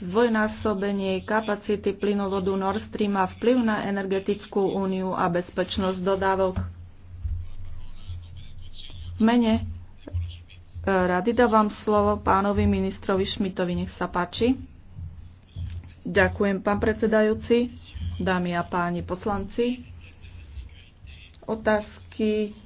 Zdvojnásobenie kapacity plynovodu Nord Stream a vplyv na energetickú úniu a bezpečnosť dodávok. V mene e, rady dávam slovo pánovi ministrovi Šmitovi. Nech sa páči. Ďakujem, pán predsedajúci, dámy a páni poslanci. Otázky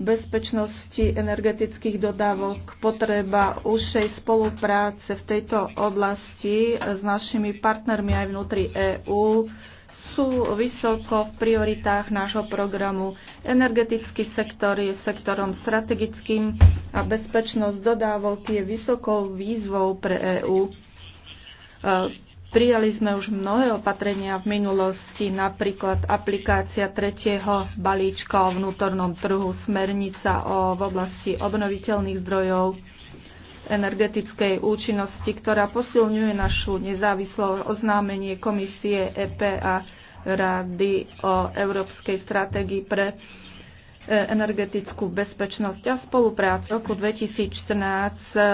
bezpečnosti energetických dodávok, potreba užšej spolupráce v tejto oblasti s našimi partnermi aj vnútri EÚ sú vysoko v prioritách nášho programu. Energetický sektor je sektorom strategickým a bezpečnosť dodávok je vysokou výzvou pre EÚ Prijali sme už mnohé opatrenia v minulosti, napríklad aplikácia tretieho balíčka o vnútornom trhu, smernica o, v oblasti obnoviteľných zdrojov, energetickej účinnosti, ktorá posilňuje našu nezávislosť, oznámenie komisie EP a Rady o Európskej stratégii pre e, energetickú bezpečnosť a spoluprácu. V roku 2014 e, e,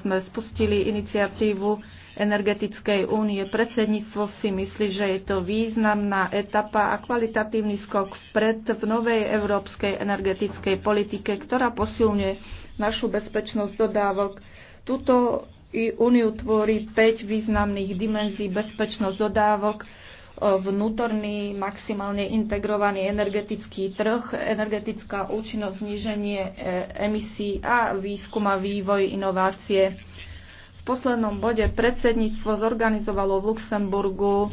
sme spustili iniciatívu energetickej únie. Predsedníctvo si myslí, že je to významná etapa a kvalitatívny skok vpred v novej európskej energetickej politike, ktorá posilňuje našu bezpečnosť dodávok. Tuto i úniu tvorí 5 významných dimenzí, bezpečnosť dodávok, vnútorný maximálne integrovaný energetický trh, energetická účinnosť, zníženie e, emisí a výskum a vývoj, inovácie. V poslednom bode predsedníctvo zorganizovalo v Luxemburgu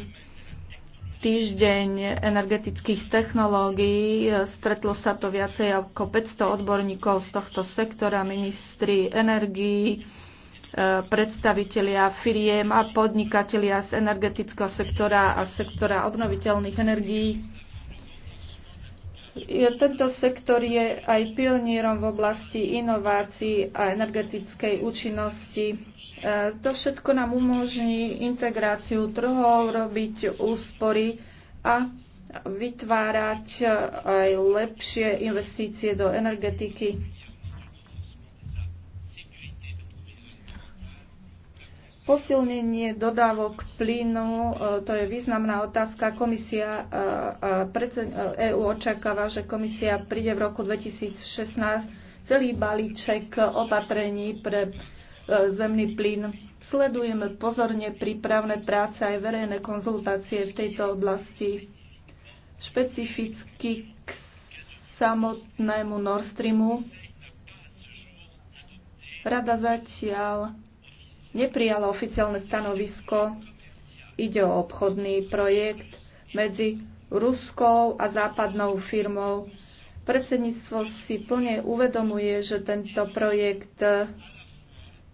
týždeň energetických technológií. Stretlo sa to viacej ako 500 odborníkov z tohto sektora, ministri energií, e, predstavitelia firiem a podnikatelia z energetického sektora a sektora obnoviteľných energií. Tento sektor je aj pionierom v oblasti inovácií a energetickej účinnosti. E, to všetko nám umožní integráciu trhov, robiť úspory a vytvárať e, aj lepšie investície do energetiky. Posilnenie dodávok plynu, e, to je významná otázka. Komisia EU e, e, očakáva, že komisia príde v roku 2016 celý balíček opatrení pre zemný plyn. Sledujeme pozorne prípravné práce aj verejné konzultácie v tejto oblasti. Špecificky k samotnému Nord Streamu. Rada zatiaľ neprijala oficiálne stanovisko. Ide o obchodný projekt medzi ruskou a západnou firmou. Predsedníctvo si plne uvedomuje, že tento projekt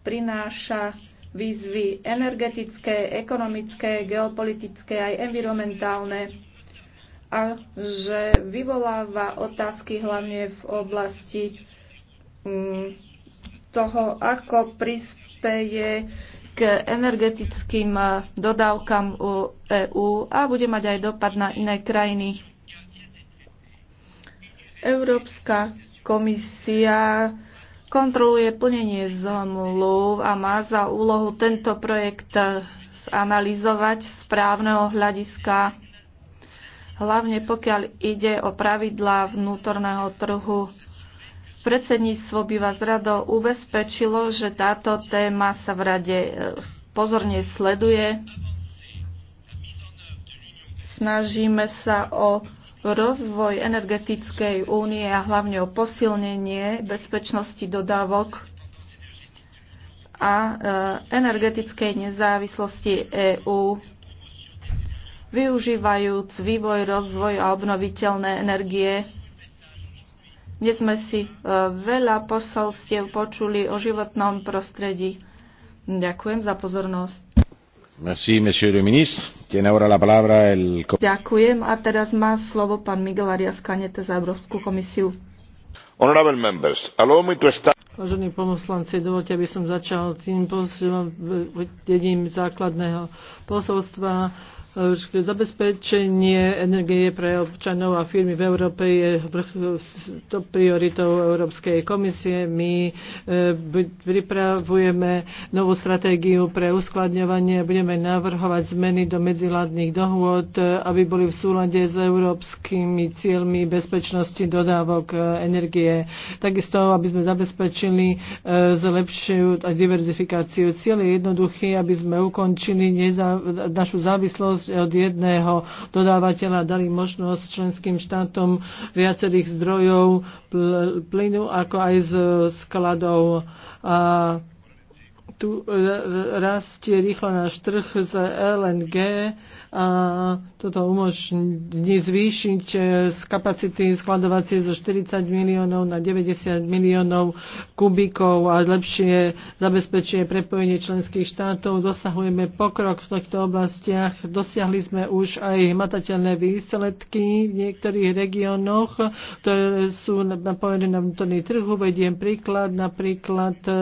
prináša výzvy energetické, ekonomické, geopolitické aj environmentálne a že vyvoláva otázky hlavne v oblasti mm, toho, ako prispieť prispeje k energetickým eh, dodávkam EÚ a bude mať aj dopad na iné krajiny. Európska komisia kontroluje plnenie zmluv a má za úlohu tento projekt eh, zanalizovať správneho hľadiska, hlavne pokiaľ ide o pravidlá vnútorného trhu Predsedníctvo by vás rado ubezpečilo, že táto téma sa v rade e, pozorne sleduje. Snažíme sa o rozvoj energetickej únie a hlavne o posilnenie bezpečnosti dodávok a e, energetickej nezávislosti EÚ, využívajúc vývoj, rozvoj a obnoviteľné energie dnes sme si e, veľa posolstiev počuli o životnom prostredí. Ďakujem za pozornosť. Merci, monsieur le ministre. Tiene ahora la palabra el... Ďakujem a teraz má slovo pán Miguel Arias Kanete za Európsku komisiu. Honorable members, allow me to start... Vážení pomoslanci, dovolte, aby som začal tým posledným základného posolstva Zabezpečenie energie pre občanov a firmy v Európe je to prioritou Európskej komisie. My e, pripravujeme novú stratégiu pre uskladňovanie. a Budeme navrhovať zmeny do medziládnych dohôd, aby boli v súlade s európskymi cieľmi bezpečnosti dodávok e, energie. Takisto, aby sme zabezpečili e, zlepšiu diverzifikáciu. Cieľ je jednoduchý, aby sme ukončili našu závislosť od jedného dodávateľa dali možnosť členským štátom viacerých zdrojov plynu, ako aj z skladov. A tu rastie rýchlo náš trh z LNG a toto umožní zvýšiť e, z kapacity skladovacie zo 40 miliónov na 90 miliónov kubikov a lepšie zabezpečenie prepojenie členských štátov. Dosahujeme pokrok v týchto oblastiach. Dosiahli sme už aj hmatateľné výsledky v niektorých regiónoch, ktoré sú napojené na vnútorný trhu. Vediem príklad, napríklad e,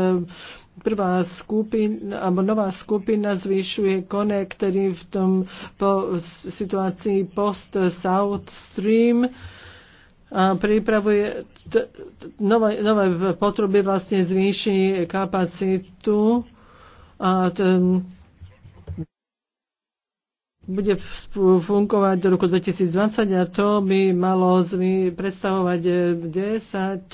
prvá skupina, alebo nová skupina zvyšuje konektory v tom po situácii post South Stream a pripravuje t- t- nové, nové potreby vlastne zvýši kapacitu a t- bude fungovať do roku 2020 a to by malo predstavovať 10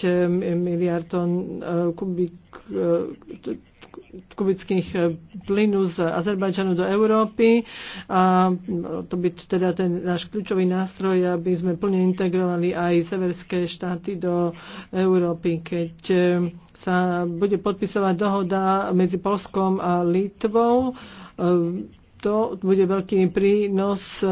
miliard tón e, kubík E, kubických e, plynu z Azerbajdžanu do Európy. A to by teda ten náš kľúčový nástroj, aby sme plne integrovali aj severské štáty do Európy. Keď e, sa bude podpisovať dohoda medzi Polskom a Litvou, to bude veľký prínos e,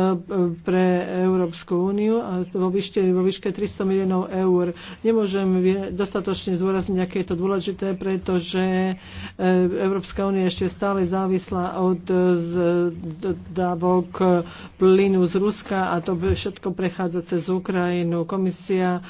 pre Európsku úniu a vo výške, vo výške 300 miliónov eur. Nemôžem dostatočne zvorazniť, aké je to dôležité, pretože e, Európska únia ešte stále závislá od e, dávok plynu z Ruska a to všetko prechádza cez Ukrajinu. Komisia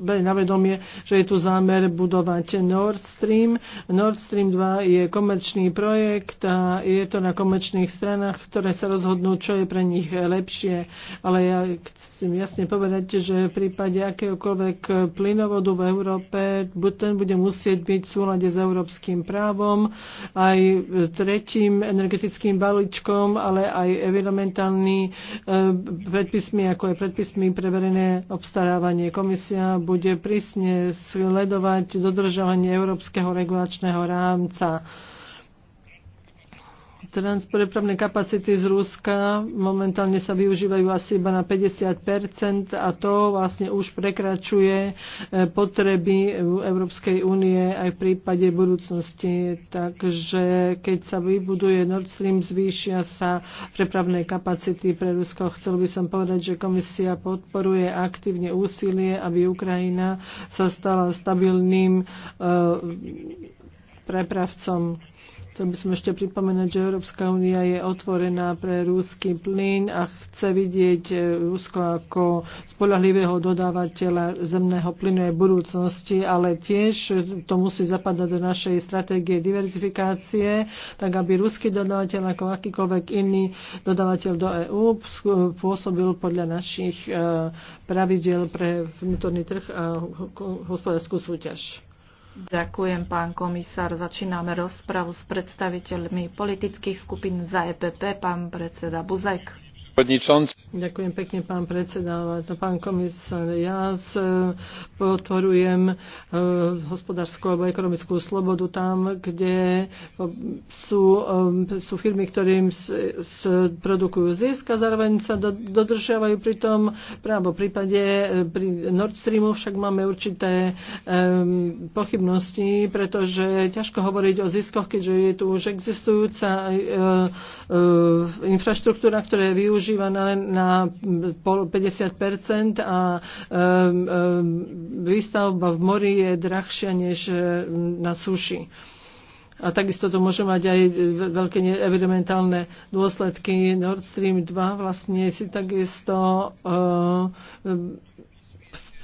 bej na vedomie, že je tu zámer budovať Nord Stream. Nord Stream 2 je komerčný projekt a je to na komerčných stranách, ktoré sa rozhodnú, čo je pre nich lepšie. Ale ja chcem jasne povedať, že v prípade akéhokoľvek plynovodu v Európe, ten bude musieť byť v súlade s európskym právom, aj tretím energetickým balíčkom, ale aj environmentálny eh, predpismi, ako je predpismi pre verejné obstarávanie vyjednávanie. Komisia bude prísne sledovať dodržovanie európskeho regulačného rámca Transprepravné kapacity z Ruska momentálne sa využívajú asi iba na 50 a to vlastne už prekračuje e, potreby Európskej únie aj v prípade budúcnosti. Takže keď sa vybuduje Nord Stream, zvýšia sa prepravné kapacity pre Rusko. Chcel by som povedať, že komisia podporuje aktívne úsilie, aby Ukrajina sa stala stabilným e, prepravcom Chcem by som ešte pripomenúť, že Európska únia je otvorená pre rúský plyn a chce vidieť e, Rusko ako spolahlivého dodávateľa zemného plynu aj budúcnosti, ale tiež to musí zapadať do našej stratégie diverzifikácie, tak aby ruský dodávateľ ako akýkoľvek iný dodávateľ do EÚ pôsobil podľa našich e, pravidel pre vnútorný trh a hospodárskú súťaž. Ďakujem, pán komisár. Začíname rozpravu s predstaviteľmi politických skupín za EPP, pán predseda Buzek. Ďakujem pekne, pán predseda. Pán komisár, ja e, podporujem e, hospodárskú alebo ekonomickú slobodu tam, kde e, sú, sú firmy, ktorým produkujú zisk a zároveň sa dodržiavajú pri tom právo. V prípade pri Nord Streamu však máme určité pochybnosti, pretože ťažko hovoriť o ziskoch, keďže je tu už existujúca infraštruktúra, ktoré využívajú využíva na, na 50 a výstavba v mori je drahšia než e, na suši. A takisto to môže mať aj veľké environmentálne dôsledky. Nord Stream 2 vlastne si takisto uh,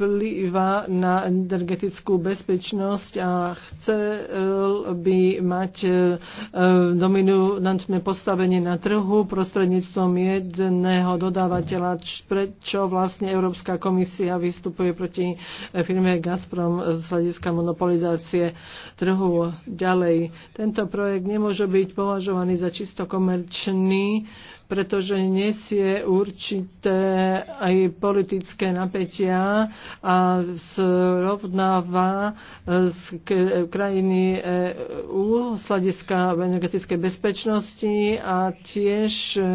vplýva na energetickú bezpečnosť a chcel by mať e, dominantné postavenie na trhu prostredníctvom jedného dodávateľa, prečo vlastne Európska komisia vystupuje proti e, firme Gazprom z hľadiska monopolizácie trhu ďalej. Tento projekt nemôže byť považovaný za čisto komerčný, pretože nesie určité aj politické napätia a zrovnáva z e, krajiny EU z hľadiska energetickej bezpečnosti a tiež e,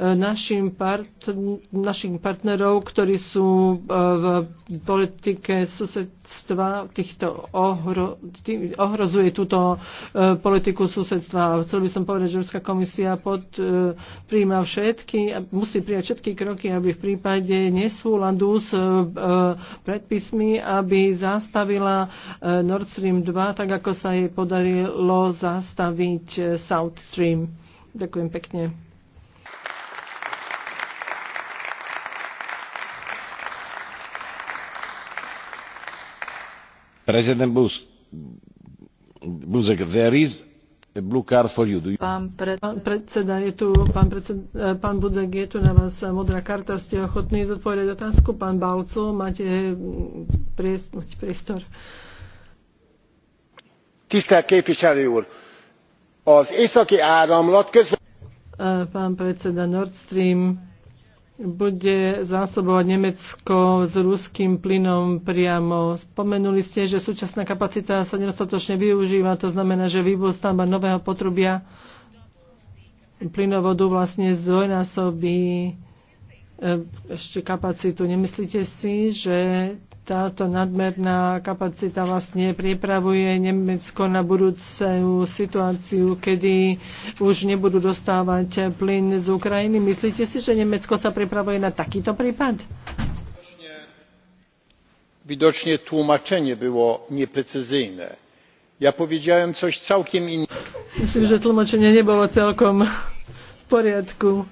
našim, partn- našim partnerov, ktorí sú e, v politike sused susedstva, týchto ohro, tý, ohrozuje túto e, politiku susedstva. Chcel by som povedať, že Európska komisia pod, e, príjma všetky, musí prijať všetky kroky, aby v prípade nesúladu s e, predpismi, aby zastavila e, Nord Stream 2, tak ako sa jej podarilo zastaviť e, South Stream. Ďakujem pekne. prezident Buzek, Buzek there is a blue card for you. you... Pán, pre, pán predseda, je tu, pán, predsed, eh, pán Budzek, je tu na vás modrá karta. Ste ochotní zodpovedať otázku? Pán Balco, máte, mm, priestor. Tisztelt képviselő úr! Az északi áramlat közvetlenül... Eh, pán predseda, Nord Stream bude zásobovať Nemecko s ruským plynom priamo. Spomenuli ste, že súčasná kapacita sa nedostatočne využíva, to znamená, že vývoz stavba nového potrubia plynovodu vlastne zdvojnásobí e, ešte kapacitu. Nemyslíte si, že táto nadmerná kapacita vlastne pripravuje Nemecko na budúcu situáciu, kedy už nebudú dostávať plyn z Ukrajiny. Myslíte si, že Nemecko sa pripravuje na takýto prípad? Widocznie tłumaczenie było nieprecyzyjne. Ja powiedziałem coś całkiem innego. Myslím, že nie nebolo celkom v poriadku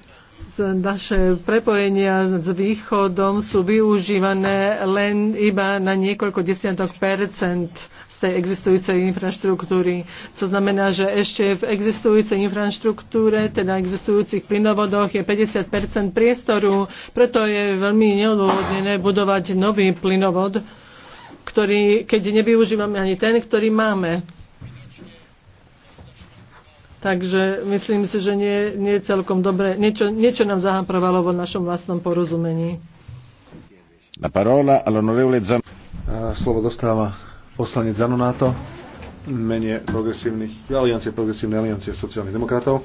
naše prepojenia s východom sú využívané len iba na niekoľko desiatok percent z tej existujúcej infraštruktúry. čo znamená, že ešte v existujúcej infraštruktúre, teda existujúcich plynovodoch, je 50 priestoru, preto je veľmi neodôvodnené budovať nový plynovod, ktorý, keď nevyužívame ani ten, ktorý máme. Takže myslím si, že nie, nie celkom dobre, niečo, niečo nám zahamprovalo vo našom vlastnom porozumení. La parola all'onorevole Zan... Slovo dostáva poslanec Zanonáto mene progresívnych, aliancie progresívnej aliancie sociálnych demokratov.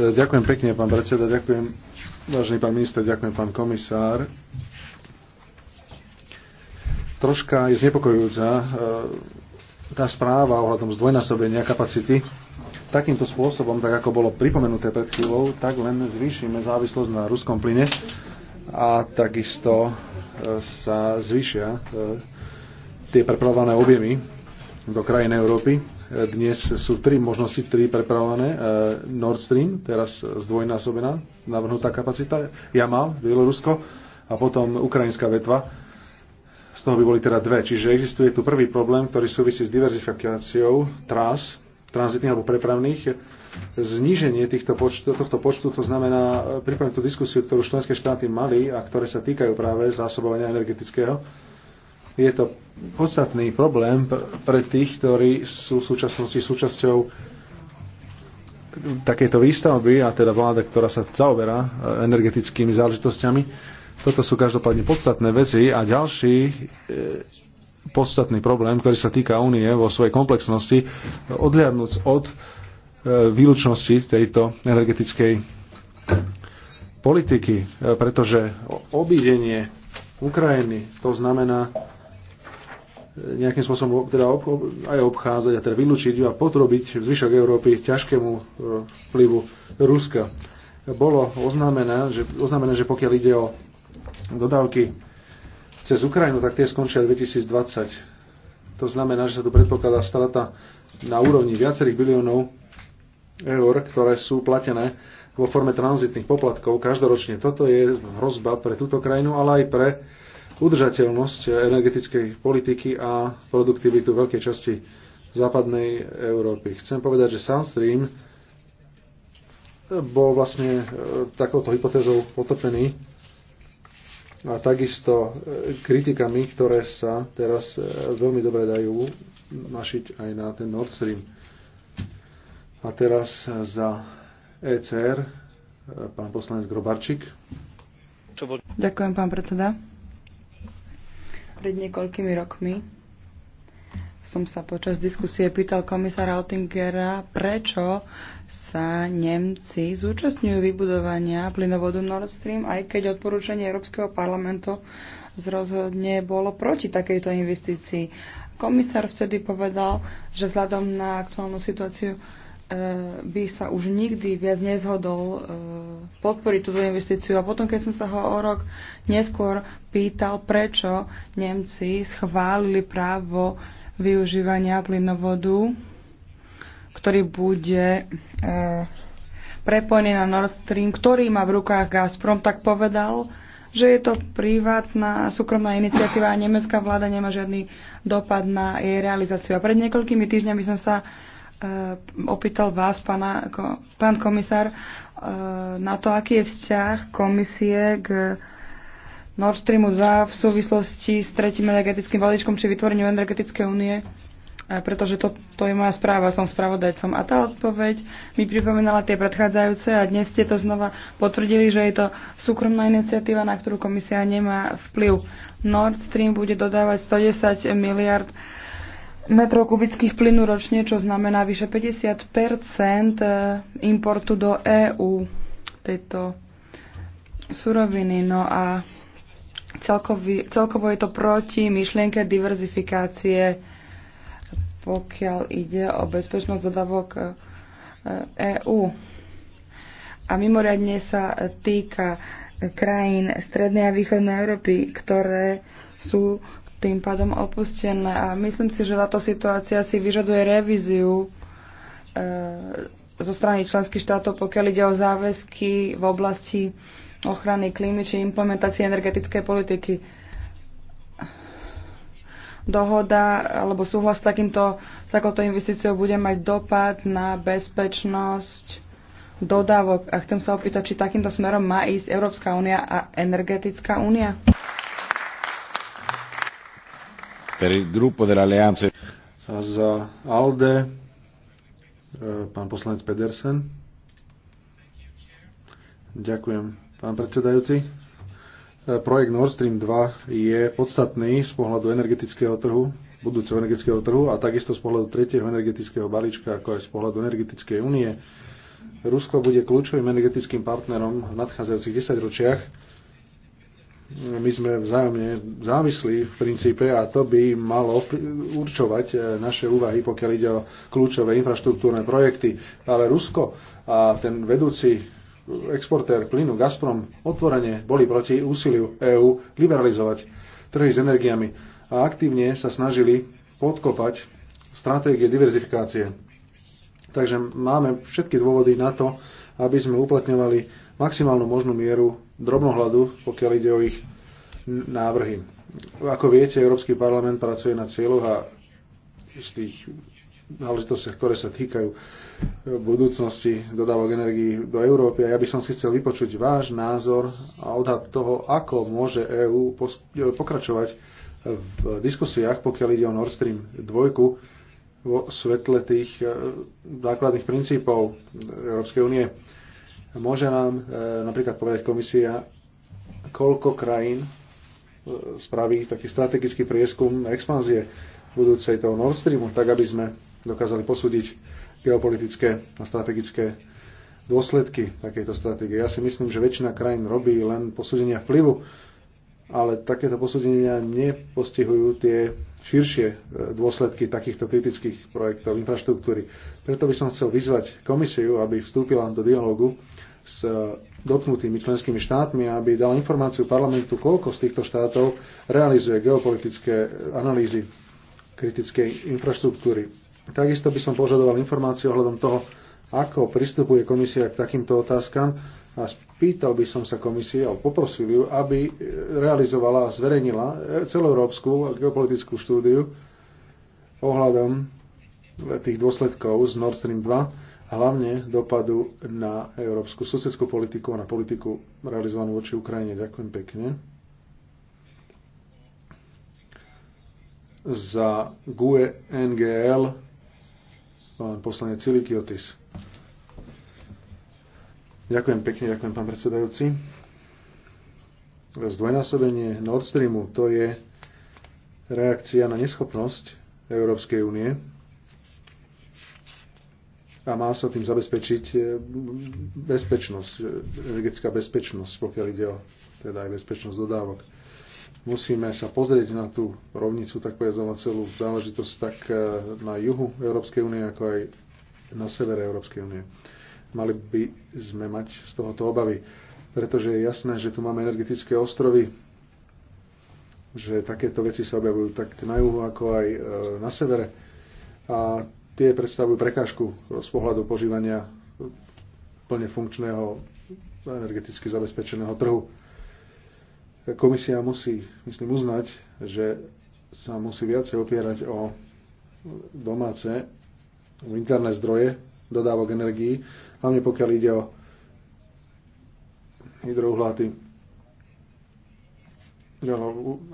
E, ďakujem pekne, pán predseda, ďakujem, vážený pán minister, ďakujem, pán komisár. Troška je znepokojujúca e, tá správa ohľadom zdvojnásobenia kapacity takýmto spôsobom, tak ako bolo pripomenuté pred chvíľou, tak len zvýšime závislosť na ruskom plyne a takisto e, sa zvýšia e, tie prepravované objemy do krajín Európy. E, dnes sú tri možnosti, tri prepravované. Nord Stream, teraz zdvojnásobená navrhnutá kapacita, Jamal, Bielorusko a potom ukrajinská vetva. Z toho by boli teda dve. Čiže existuje tu prvý problém, ktorý súvisí s diverzifikáciou trás tranzitných alebo prepravných, zníženie týchto počtu, tohto počtu, to znamená, e, pripravím tú diskusiu, ktorú členské štáty mali a ktoré sa týkajú práve zásobovania energetického, je to podstatný problém pre tých, ktorí sú v súčasnosti súčasťou takéto výstavby a teda vláda, ktorá sa zaoberá e, energetickými záležitosťami. Toto sú každopádne podstatné veci a ďalší e, podstatný problém, ktorý sa týka únie vo svojej komplexnosti, odliadnúc od e, výlučnosti tejto energetickej politiky, e, pretože obídenie Ukrajiny to znamená e, nejakým spôsobom teda ob, ob, aj obchádzať a teda vylúčiť ju a potrobiť zvyšok Európy ťažkému vplyvu Ruska. Bolo oznámené, že, oznámené, že pokiaľ ide o dodávky cez Ukrajinu, tak tie skončia 2020. To znamená, že sa tu predpokladá strata na úrovni viacerých biliónov eur, ktoré sú platené vo forme tranzitných poplatkov každoročne. Toto je hrozba pre túto krajinu, ale aj pre udržateľnosť energetickej politiky a produktivitu veľkej časti západnej Európy. Chcem povedať, že South Stream bol vlastne e, takouto hypotézou potopený a takisto e, kritikami, ktoré sa teraz e, veľmi dobre dajú našiť aj na ten Nord Stream. A teraz za ECR e, pán poslanec Grobarčík. Ďakujem, pán predseda. Pred niekoľkými rokmi som sa počas diskusie pýtal komisára Altingera, prečo sa Nemci zúčastňujú vybudovania plynovodu Nord Stream, aj keď odporúčanie Európskeho parlamentu zrozhodne bolo proti takejto investícii. Komisár vtedy povedal, že vzhľadom na aktuálnu situáciu e, by sa už nikdy viac nezhodol e, podporiť túto investíciu. A potom, keď som sa ho o rok neskôr pýtal, prečo Nemci schválili právo využívania plynovodu, ktorý bude e, prepojený na Nord Stream, ktorý má v rukách Gazprom, tak povedal, že je to privátna súkromná iniciatíva a nemecká vláda nemá žiadny dopad na jej realizáciu. A pred niekoľkými týždňami som sa e, opýtal vás, pana, ko, pán komisár, e, na to, aký je vzťah komisie k Nord Streamu 2 v súvislosti s tretím energetickým balíčkom či vytvoreniu energetickej únie, e, pretože to, to je moja správa, som spravodajcom. A tá odpoveď mi pripomínala tie predchádzajúce a dnes ste to znova potvrdili, že je to súkromná iniciatíva, na ktorú komisia nemá vplyv. Nord Stream bude dodávať 110 miliard metrov kubických plynu ročne, čo znamená vyše 50 e, importu do EÚ tejto suroviny. No a Celkový, celkovo je to proti myšlienke diverzifikácie, pokiaľ ide o bezpečnosť dodavok EÚ. E a mimoriadne sa týka krajín Strednej a Východnej Európy, ktoré sú tým pádom opustené. A myslím si, že táto situácia si vyžaduje revíziu e, zo strany členských štátov, pokiaľ ide o záväzky v oblasti ochrany klímy či implementácie energetickej politiky. Dohoda alebo súhlas s, takýmto, s takouto investíciou bude mať dopad na bezpečnosť dodávok. A chcem sa opýtať, či takýmto smerom má ísť Európska únia a Energetická únia? Per il gruppo dell'Alleanza za ALDE eh, pán poslanec Pedersen. Ďakujem pán predsedajúci. E, projekt Nord Stream 2 je podstatný z pohľadu energetického trhu, budúceho energetického trhu a takisto z pohľadu tretieho energetického balíčka, ako aj z pohľadu energetickej únie. Rusko bude kľúčovým energetickým partnerom v nadchádzajúcich desaťročiach. My sme vzájomne závislí v princípe a to by malo určovať e, naše úvahy, pokiaľ ide o kľúčové infraštruktúrne projekty. Ale Rusko a ten vedúci exportér plynu Gazprom otvorene boli proti úsiliu EÚ liberalizovať trhy s energiami a aktívne sa snažili podkopať stratégie diverzifikácie. Takže máme všetky dôvody na to, aby sme uplatňovali maximálnu možnú mieru drobnohľadu, pokiaľ ide o ich návrhy. Ako viete, Európsky parlament pracuje na cieľoch a z tých náležitostiach, ktoré sa týkajú e, budúcnosti dodávok energií do Európy. A ja by som si chcel vypočuť váš názor a odhad toho, ako môže EÚ e, pokračovať v diskusiách, pokiaľ ide o Nord Stream 2 vo svetle tých e, základných princípov Európskej únie. Môže nám napríklad povedať komisia, koľko krajín spraví taký strategický prieskum expanzie budúcej toho Nord Streamu, tak aby sme dokázali posúdiť geopolitické a strategické dôsledky takejto stratégie. Ja si myslím, že väčšina krajín robí len posúdenia vplyvu, ale takéto posúdenia nepostihujú tie širšie e, dôsledky takýchto kritických projektov infraštruktúry. Preto by som chcel vyzvať komisiu, aby vstúpila do dialogu s e, dotknutými členskými štátmi, aby dala informáciu parlamentu, koľko z týchto štátov realizuje geopolitické analýzy kritickej infraštruktúry Takisto by som požadoval informáciu ohľadom toho, ako pristupuje komisia k takýmto otázkam a spýtal by som sa komisie, alebo poprosil ju, aby e, realizovala a zverejnila e, celoeurópsku geopolitickú štúdiu ohľadom e, tých dôsledkov z Nord Stream 2, a hlavne dopadu na európsku susedskú politiku a na politiku realizovanú voči Ukrajine. Ďakujem pekne. Za GUE NGL pán poslanec Silikiotis. Ďakujem pekne, ďakujem pán predsedajúci. Zdvojnásobenie Nord Streamu to je reakcia na neschopnosť Európskej únie a má sa tým zabezpečiť e, bezpečnosť, e, energetická bezpečnosť, pokiaľ ide o teda aj bezpečnosť dodávok. Musíme sa pozrieť na tú rovnicu, tak ja na celú záležitosť, tak e, na juhu Európskej únie, ako aj na severe Európskej únie. Mali by sme mať z tohoto obavy, pretože je jasné, že tu máme energetické ostrovy, že takéto veci sa objavujú tak na juhu, ako aj e, na severe. A tie predstavujú prekážku z pohľadu požívania plne funkčného energeticky zabezpečeného trhu. Komisia musí, myslím, uznať, že sa musí viacej opierať o domáce interné zdroje dodávok energií, hlavne pokiaľ ide o hydrouhláty, no,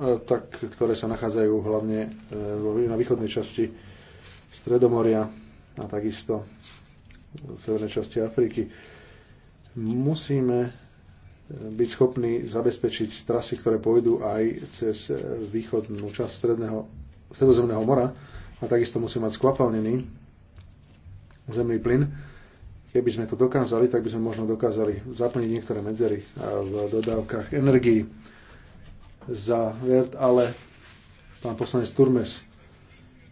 e, tak, ktoré sa nachádzajú hlavne e, na východnej časti Stredomoria a takisto v severnej časti Afriky. Musíme byť schopní zabezpečiť trasy, ktoré pôjdu aj cez východnú časť stredného, stredozemného mora a takisto musí mať skvapalnený zemný plyn. Keby sme to dokázali, tak by sme možno dokázali zaplniť niektoré medzery v dodávkach energii za vert, ale pán poslanec Turmes,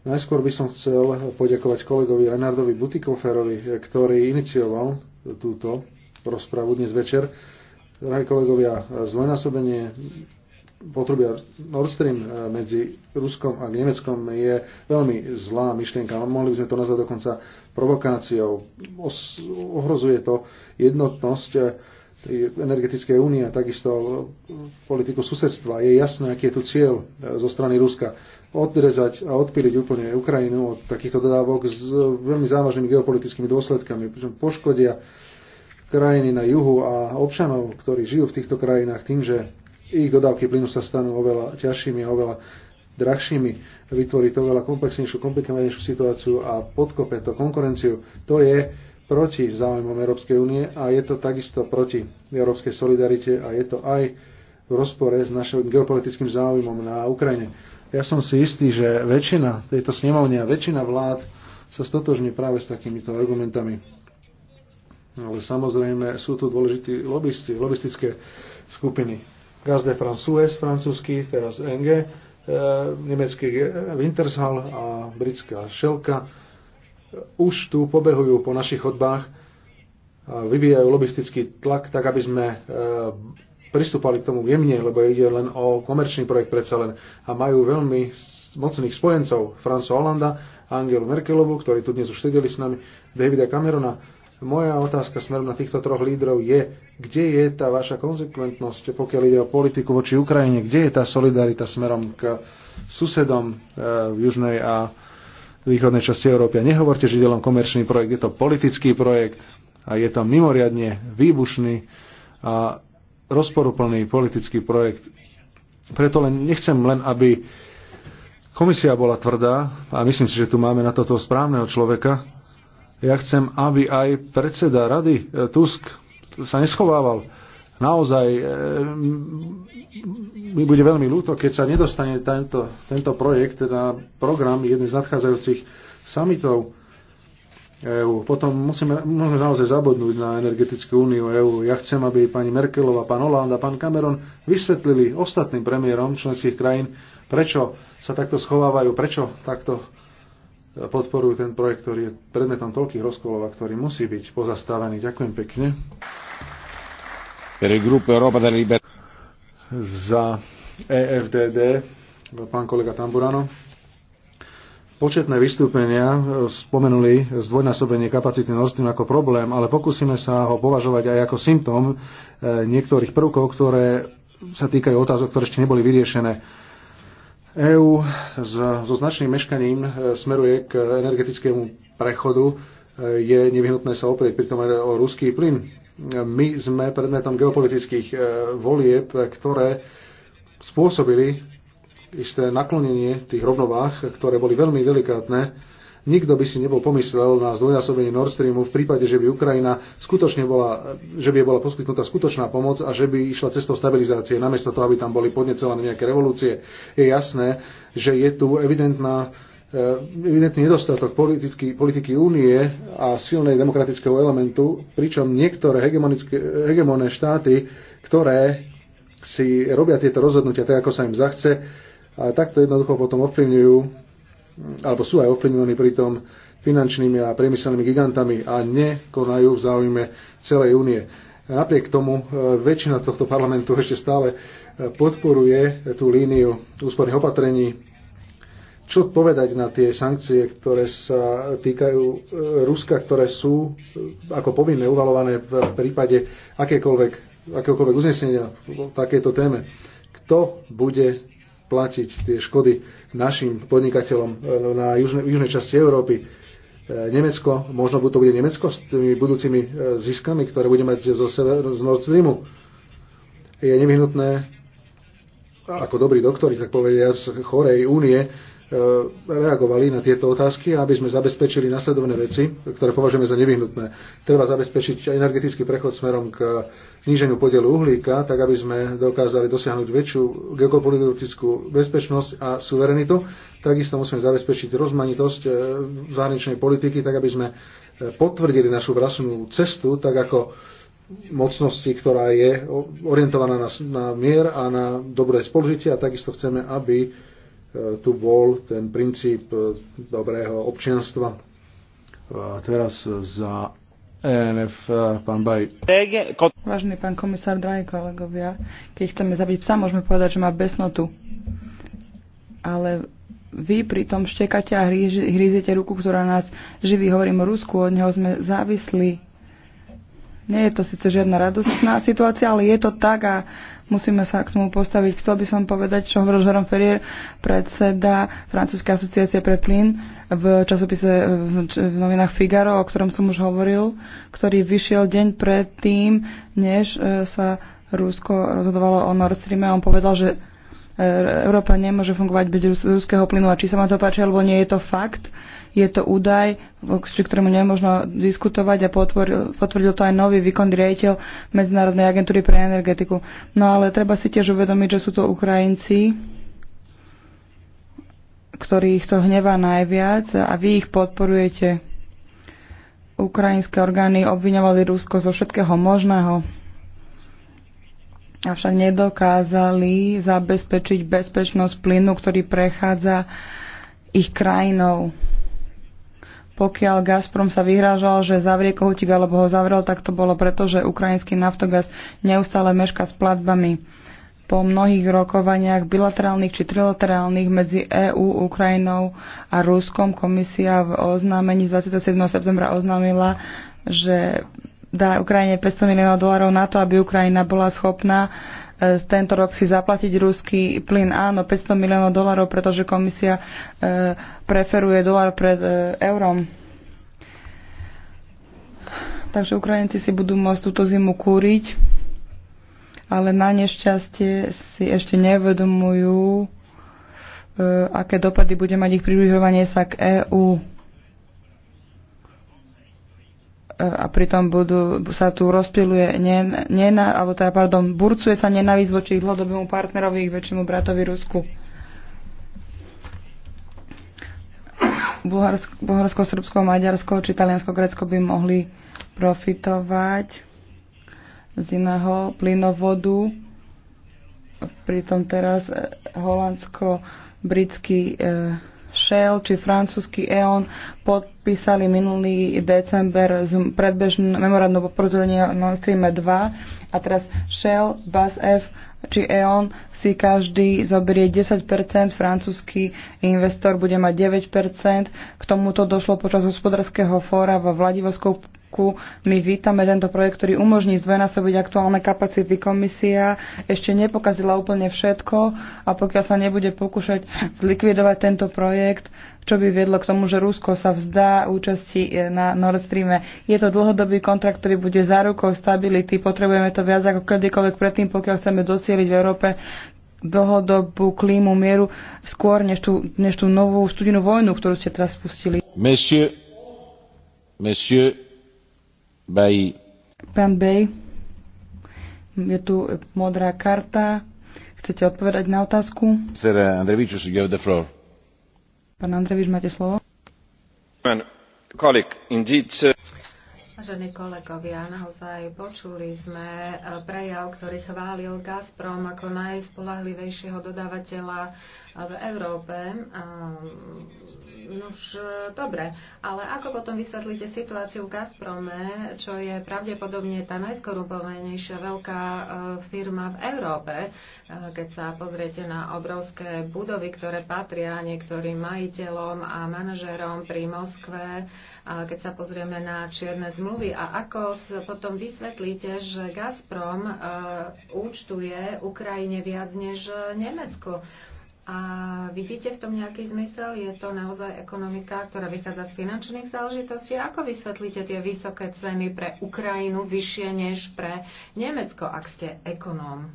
najskôr by som chcel poďakovať kolegovi Renardovi Butikoferovi, ktorý inicioval túto rozpravu dnes večer drahí kolegovia, zdvojnásobenie potrubia Nord Stream eh, medzi Ruskom a Nemeckom je veľmi zlá myšlienka. Mohli by sme to nazvať dokonca provokáciou. ohrozuje to jednotnosť eh, energetickej únie a takisto eh, politiku susedstva. Je jasné, aký je tu cieľ zo strany Ruska. Odrezať a odpiliť úplne Ukrajinu od takýchto dodávok s veľmi závažnými geopolitickými dôsledkami, pričom poškodia krajiny na juhu a občanov, ktorí žijú v týchto krajinách tým, že ich dodávky plynu sa stanú oveľa ťažšími a oveľa drahšími, vytvorí to oveľa komplexnejšiu, komplikovanejšiu situáciu a podkope to konkurenciu. To je proti záujmom Európskej únie a je to takisto proti európskej solidarite a je to aj v rozpore s našim geopolitickým záujmom na Ukrajine. Ja som si istý, že väčšina tejto snemovne a väčšina vlád sa stotožní práve s takýmito argumentami. Ale samozrejme sú tu dôležití lobbysti, lobbystické skupiny. Gaz de François, francúzsky, teraz NG, e, eh, nemecký Wintershall a britská Šelka eh, už tu pobehujú po našich chodbách a vyvíjajú lobistický tlak, tak aby sme e, pristúpali k tomu jemne, lebo ide len o komerčný projekt predsa len a majú veľmi mocných spojencov François Hollanda, Angelu Merkelovu, ktorí tu dnes už sedeli s nami, Davida Camerona, moja otázka smerom na týchto troch lídrov je, kde je tá vaša konzekventnosť, pokiaľ ide o politiku voči Ukrajine, kde je tá solidarita smerom k susedom e, v južnej a východnej časti Európy. A nehovorte, že ide len komerčný projekt, je to politický projekt a je to mimoriadne výbušný a rozporuplný politický projekt. Preto len nechcem len, aby komisia bola tvrdá a myslím si, že tu máme na toto správneho človeka, ja chcem, aby aj predseda rady e, Tusk sa neschovával. Naozaj e, mi bude veľmi ľúto, keď sa nedostane tento, tento projekt na program jeden z nadchádzajúcich samitov EÚ. Potom musíme, môžeme naozaj zabudnúť na energetickú úniu EÚ. Ja chcem, aby pani Merkelová, pán Holland a pán Cameron vysvetlili ostatným premiérom členských krajín, prečo sa takto schovávajú, prečo takto podporujú ten projekt, ktorý je predmetom toľkých rozkolov a ktorý musí byť pozastavený. Ďakujem pekne. Za EFDD, pán kolega Tamburano. Početné vystúpenia e, spomenuli zdvojnásobenie kapacity Nord Stream ako problém, ale pokúsime sa ho považovať aj ako symptóm e, niektorých prvkov, ktoré sa týkajú otázok, ktoré ešte neboli vyriešené EÚ so značným meškaním e, smeruje k energetickému prechodu. E, je nevyhnutné sa oprieť pritom o ruský plyn. My sme predmetom geopolitických e, volieb, ktoré spôsobili isté naklonenie tých rovnovách, ktoré boli veľmi delikátne Nikto by si nebol pomyslel na zlojasovenie Nord Streamu v prípade, že by Ukrajina skutočne bola, že by bola poskytnutá skutočná pomoc a že by išla cestou stabilizácie, namiesto toho, aby tam boli podnecované nejaké revolúcie. Je jasné, že je tu evidentná eh, evidentný nedostatok politiky, politiky únie a silnej demokratického elementu, pričom niektoré hegemónne štáty, ktoré si robia tieto rozhodnutia tak, ako sa im zachce, a takto jednoducho potom ovplyvňujú alebo sú aj ovplyvnení pritom finančnými a priemyselnými gigantami a nekonajú v záujme celej únie. Napriek tomu e, väčšina tohto parlamentu ešte stále e, podporuje tú líniu úsporných opatrení. Čo povedať na tie sankcie, ktoré sa týkajú e, Ruska, ktoré sú ako povinné uvalované v prípade akékoľvek, akéhokoľvek uznesenia v takejto téme? Kto bude platiť tie škody našim podnikateľom e, no, na južnej, južnej časti Európy. E, Nemecko, možno to bude Nemecko s tými budúcimi e, ziskami, ktoré bude mať zo sever, z Nord Streamu. Je nevyhnutné, ako dobrý doktor, tak povediať, z chorej únie, E, reagovali na tieto otázky, aby sme zabezpečili nasledovné veci, ktoré považujeme za nevyhnutné. Treba zabezpečiť energetický prechod smerom k zníženiu podielu uhlíka, tak aby sme dokázali dosiahnuť väčšiu geopolitickú bezpečnosť a suverenitu. Takisto musíme zabezpečiť rozmanitosť e, zahraničnej politiky, tak aby sme e, potvrdili našu vlastnú cestu, tak ako mocnosti, ktorá je orientovaná na, na mier a na dobré spolužitie a takisto chceme, aby tu bol ten princíp e, dobrého občianstva. A teraz za ENF e, pán Baj. Vážený pán komisár, drahí kolegovia, keď chceme zabiť psa, môžeme povedať, že má besnotu. Ale vy pritom štekate a hrízete ruku, ktorá nás živí. Hovorím o Rusku, od neho sme závislí nie je to síce žiadna radostná situácia, ale je to tak a musíme sa k tomu postaviť. Chcel by som povedať, čo hovoril Jerome Ferrier, predseda Francúzskej asociácie pre plyn v časopise v novinách Figaro, o ktorom som už hovoril, ktorý vyšiel deň pred tým, než e, sa Rusko rozhodovalo o Nord Stream a on povedal, že e, Európa nemôže fungovať bez ruského plynu a či sa ma to páči alebo nie, je to fakt je to údaj, pri ktorému nemôžno diskutovať a potvrdil, potvrdil to aj nový výkonný riaditeľ Medzinárodnej agentúry pre energetiku. No ale treba si tiež uvedomiť, že sú to Ukrajinci, ktorých to hnevá najviac a vy ich podporujete. Ukrajinské orgány obviňovali Rusko zo všetkého možného avšak nedokázali zabezpečiť bezpečnosť plynu, ktorý prechádza ich krajinou pokiaľ Gazprom sa vyhrážal, že zavrie kohutík alebo ho zavrel, tak to bolo preto, že ukrajinský naftogaz neustále meška s platbami. Po mnohých rokovaniach bilaterálnych či trilaterálnych medzi EÚ, Ukrajinou a Ruskom komisia v oznámení z 27. septembra oznámila, že dá Ukrajine 500 miliónov dolarov na to, aby Ukrajina bola schopná E, tento rok si zaplatiť ruský plyn. Áno, 500 miliónov dolarov, pretože komisia e, preferuje dolar pred e, eurom. Takže Ukrajinci si budú môcť túto zimu kúriť, ale na nešťastie si ešte nevedomujú, aké dopady bude mať ich približovanie sa k EÚ a pritom budú, sa tu rozpiluje nena, alebo teda, pardon, burcuje sa nenávisť voči dlhodobému partnerovi, ich väčšiemu bratovi Rusku. Bulharsko, Bulharsko, Srbsko, Maďarsko či Taliansko, grecko by mohli profitovať z iného plynovodu. Pritom teraz eh, Holandsko, britský eh, Shell či francúzsky E.ON podpísali minulý december z predbežné memorandum o Nord Stream 2 a teraz Shell, BASF či E.ON si každý zoberie 10%, francúzsky investor bude mať 9%. K tomuto došlo počas hospodárskeho fóra vo Vladivosku roku. My vítame tento projekt, ktorý umožní zdvojnásobiť aktuálne kapacity komisia. Ešte nepokazila úplne všetko a pokiaľ sa nebude pokúšať zlikvidovať tento projekt, čo by viedlo k tomu, že Rusko sa vzdá účasti e, na Nord Streame. Je to dlhodobý kontrakt, ktorý bude zárukou stability. Potrebujeme to viac ako kedykoľvek predtým, pokiaľ chceme dosieliť v Európe dlhodobú klímu mieru skôr než tú, než tú novú studenú vojnu, ktorú ste teraz spustili. Monsieur, monsieur Bay. Pán Bay, je tu modrá karta. Chcete odpovedať na otázku? Sir Andrevič, you should give the floor. Pán Andrevič, máte slovo. Pán kolik, indeed, uh... Vážení kolegovia, naozaj počuli sme eh, prejav, ktorý chválil Gazprom ako najspolahlivejšieho dodávateľa v Európe. Ehm, no už e, dobre, ale ako potom vysvetlíte situáciu v Gazprome, čo je pravdepodobne tá najskorumpovanejšia veľká e, firma v Európe, e, keď sa pozriete na obrovské budovy, ktoré patria niektorým majiteľom a manažerom pri Moskve, keď sa pozrieme na čierne zmluvy. A ako potom vysvetlíte, že Gazprom účtuje Ukrajine viac než Nemecko? A vidíte v tom nejaký zmysel? Je to naozaj ekonomika, ktorá vychádza z finančných záležitostí? Ako vysvetlíte tie vysoké ceny pre Ukrajinu vyššie než pre Nemecko, ak ste ekonóm?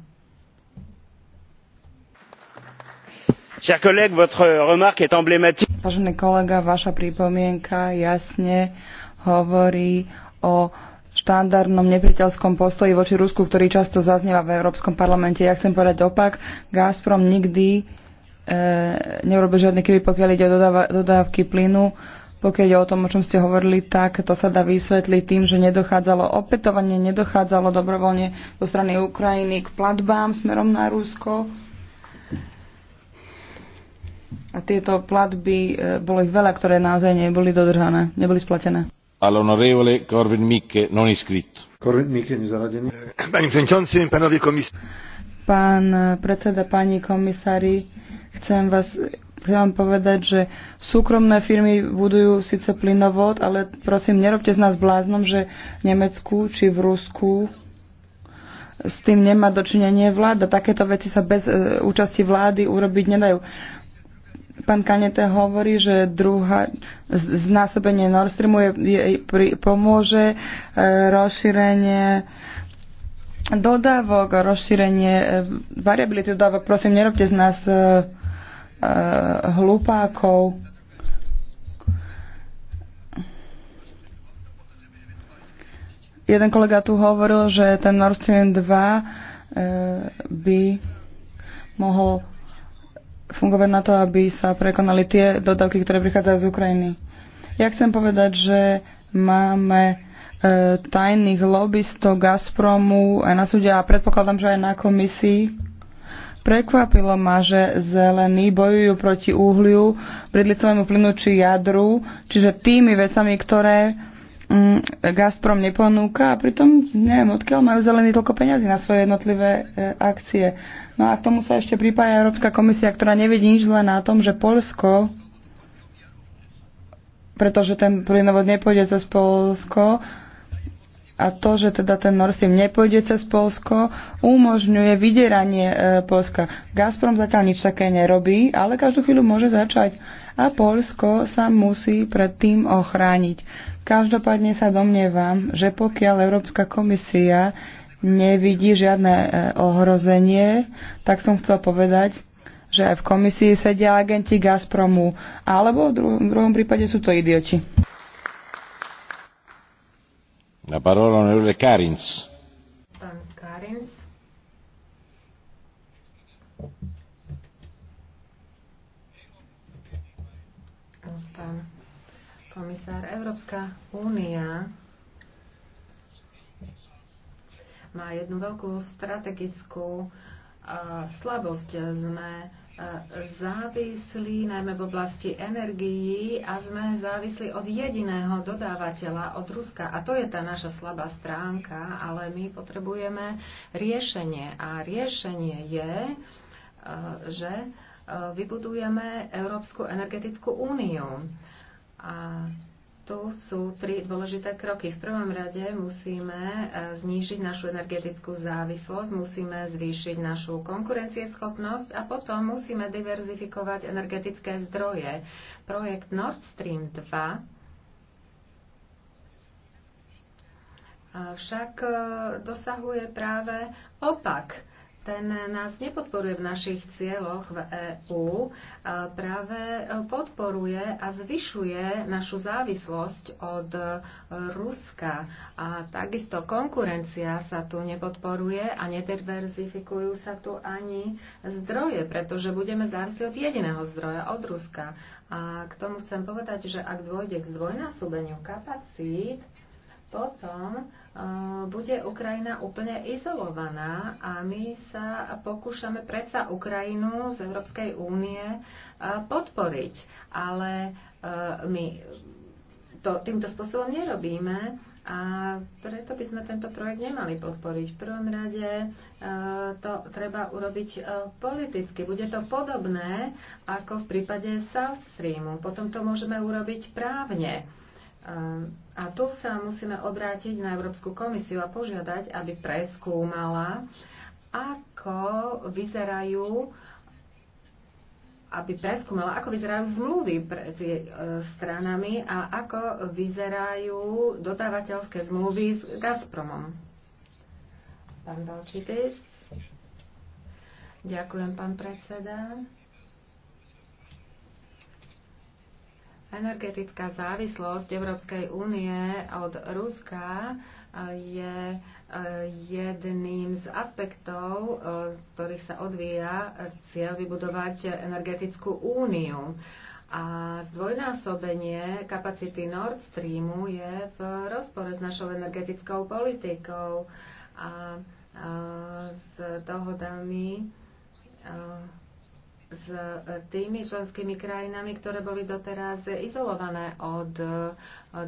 Vážený kolega, vaša pripomienka jasne hovorí o štandardnom nepriateľskom postoji voči Rusku, ktorý často zaznieva v Európskom parlamente. Ja chcem povedať opak. Gazprom nikdy E, neurobil žiadne chyby, pokiaľ ide o dodávky plynu. Pokiaľ ide o tom, o čom ste hovorili, tak to sa dá vysvetliť tým, že nedochádzalo opätovane, nedochádzalo dobrovoľne zo strany Ukrajiny k platbám smerom na Rusko. A tieto platby, e, bolo ich veľa, ktoré naozaj neboli dodržané, neboli splatené. All'onorevole Corvin Mikke, non iscritto. Corvin Mikke, nezaradený. Pani Pán e, predseda, pani komisári, Chcem vás chcem povedať, že súkromné firmy budujú síce plynovod, ale prosím, nerobte z nás bláznom, že v Nemecku či v Rusku s tým nemá dočinenie vláda. Takéto veci sa bez e, účasti vlády urobiť nedajú. Pán Kanete hovorí, že druhá znásobenie Nord Streamu je, je, pri, pomôže e, rozšírenie dodávok, rozšírenie e, variability dodávok. Prosím, nerobte z nás e, Eh, hlupákov. Jeden kolega tu hovoril, že ten Nord Stream 2 eh, by mohol fungovať na to, aby sa prekonali tie dodávky, ktoré prichádzajú z Ukrajiny. Ja chcem povedať, že máme e, tajných lobbystov Gazpromu aj na súde a predpokladám, že aj na komisii Prekvapilo ma, že zelení bojujú proti uhliu, predlicovému plynu či jadru, čiže tými vecami, ktoré mm, Gazprom neponúka a pritom neviem, odkiaľ majú zelení toľko peňazí na svoje jednotlivé e, akcie. No a k tomu sa ešte pripája Európska komisia, ktorá nevidí nič zle na tom, že Polsko pretože ten plynovod nepôjde cez Polsko, a to, že teda ten Nord Stream nepôjde cez Polsko, umožňuje vydieranie e, Polska. Gazprom zatiaľ nič také nerobí, ale každú chvíľu môže začať. A Polsko sa musí pred tým ochrániť. Každopádne sa domnievam, že pokiaľ Európska komisia nevidí žiadne e, ohrozenie, tak som chcel povedať, že aj v komisii sedia agenti Gazpromu, alebo v, dru- v druhom prípade sú to idioti. La parola onorevole Karins. Karins. Pán komisár, Európska únia má jednu veľkú strategickú slabosť. Sme závislí najmä v oblasti energií a sme závislí od jediného dodávateľa, od Ruska. A to je tá naša slabá stránka, ale my potrebujeme riešenie. A riešenie je, e, že e, vybudujeme Európsku energetickú úniu. A tu sú tri dôležité kroky. V prvom rade musíme e, znížiť našu energetickú závislosť, musíme zvýšiť našu konkurencieschopnosť a potom musíme diverzifikovať energetické zdroje. Projekt Nord Stream 2 e, však e, dosahuje práve opak ten nás nepodporuje v našich cieľoch v EÚ, práve podporuje a zvyšuje našu závislosť od Ruska. A takisto konkurencia sa tu nepodporuje a nediverzifikujú sa tu ani zdroje, pretože budeme závislí od jediného zdroja, od Ruska. A k tomu chcem povedať, že ak dôjde k zdvojnásobeniu kapacít, potom bude Ukrajina úplne izolovaná a my sa pokúšame predsa Ukrajinu z Európskej únie e, podporiť. Ale e, my to týmto spôsobom nerobíme a preto by sme tento projekt nemali podporiť. V prvom rade e, to treba urobiť politicky. Bude to podobné ako v prípade South Streamu. Potom to môžeme urobiť právne a tu sa musíme obrátiť na Európsku komisiu a požiadať, aby preskúmala, ako vyzerajú aby preskúmala, ako vyzerajú zmluvy e, stranami a ako vyzerajú dodávateľské zmluvy s Gazpromom. Pán Balčitis. Ďakujem, pán predseda. Energetická závislosť Európskej únie od Ruska e, je e, jedným z aspektov, e, ktorých sa odvíja cieľ vybudovať energetickú úniu. A zdvojnásobenie kapacity Nord Streamu je v rozpore s našou energetickou politikou a s dohodami s tými členskými krajinami, ktoré boli doteraz izolované od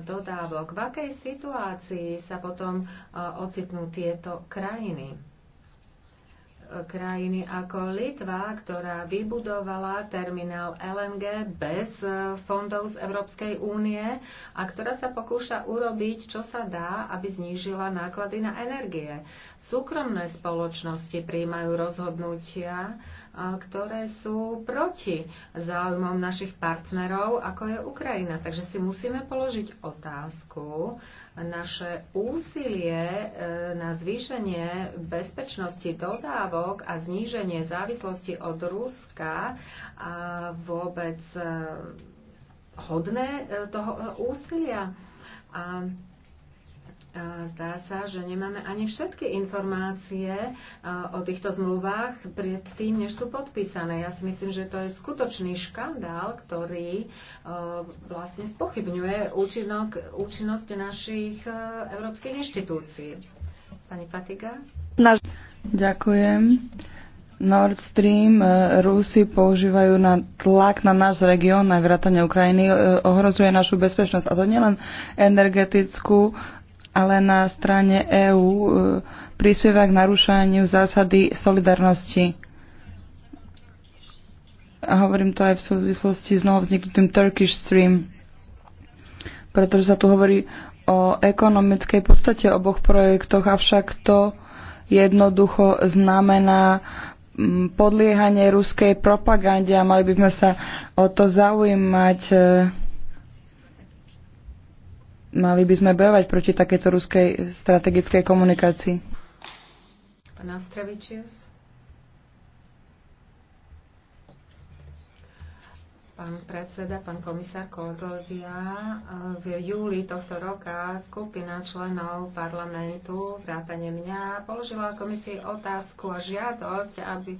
dodávok. V akej situácii sa potom e, ocitnú tieto krajiny? krajiny ako Litva, ktorá vybudovala terminál LNG bez e, fondov z Európskej únie a ktorá sa pokúša urobiť, čo sa dá, aby znížila náklady na energie. Súkromné spoločnosti príjmajú rozhodnutia, e, ktoré sú proti záujmom našich partnerov, ako je Ukrajina. Takže si musíme položiť otázku, naše úsilie e, na zvýšenie bezpečnosti dodávok a zníženie závislosti od Ruska a vôbec e, hodné e, toho úsilia. A Zdá sa, že nemáme ani všetky informácie o týchto zmluvách predtým, než sú podpísané. Ja si myslím, že to je skutočný škandál, ktorý vlastne spochybňuje účinok, účinnosť našich európskych inštitúcií. Pani Patiga? Ďakujem. Nord Stream e, Rusi používajú na tlak na náš región, na vrátanie Ukrajiny, e, ohrozuje našu bezpečnosť. A to nielen energetickú, ale na strane EÚ e, prispieva k narušaniu zásady solidarnosti. A hovorím to aj v súvislosti s novovzniknutým Turkish Stream, pretože sa tu hovorí o ekonomickej podstate oboch projektoch, avšak to jednoducho znamená podliehanie ruskej propagande a mali by sme sa o to zaujímať. E, Mali by sme bojovať proti takéto ruskej strategickej komunikácii. Pán Astravičius. pán predseda, pán komisár, kolegovia. V júli tohto roka skupina členov parlamentu, vrátane mňa, položila komisii otázku a žiadosť, aby e,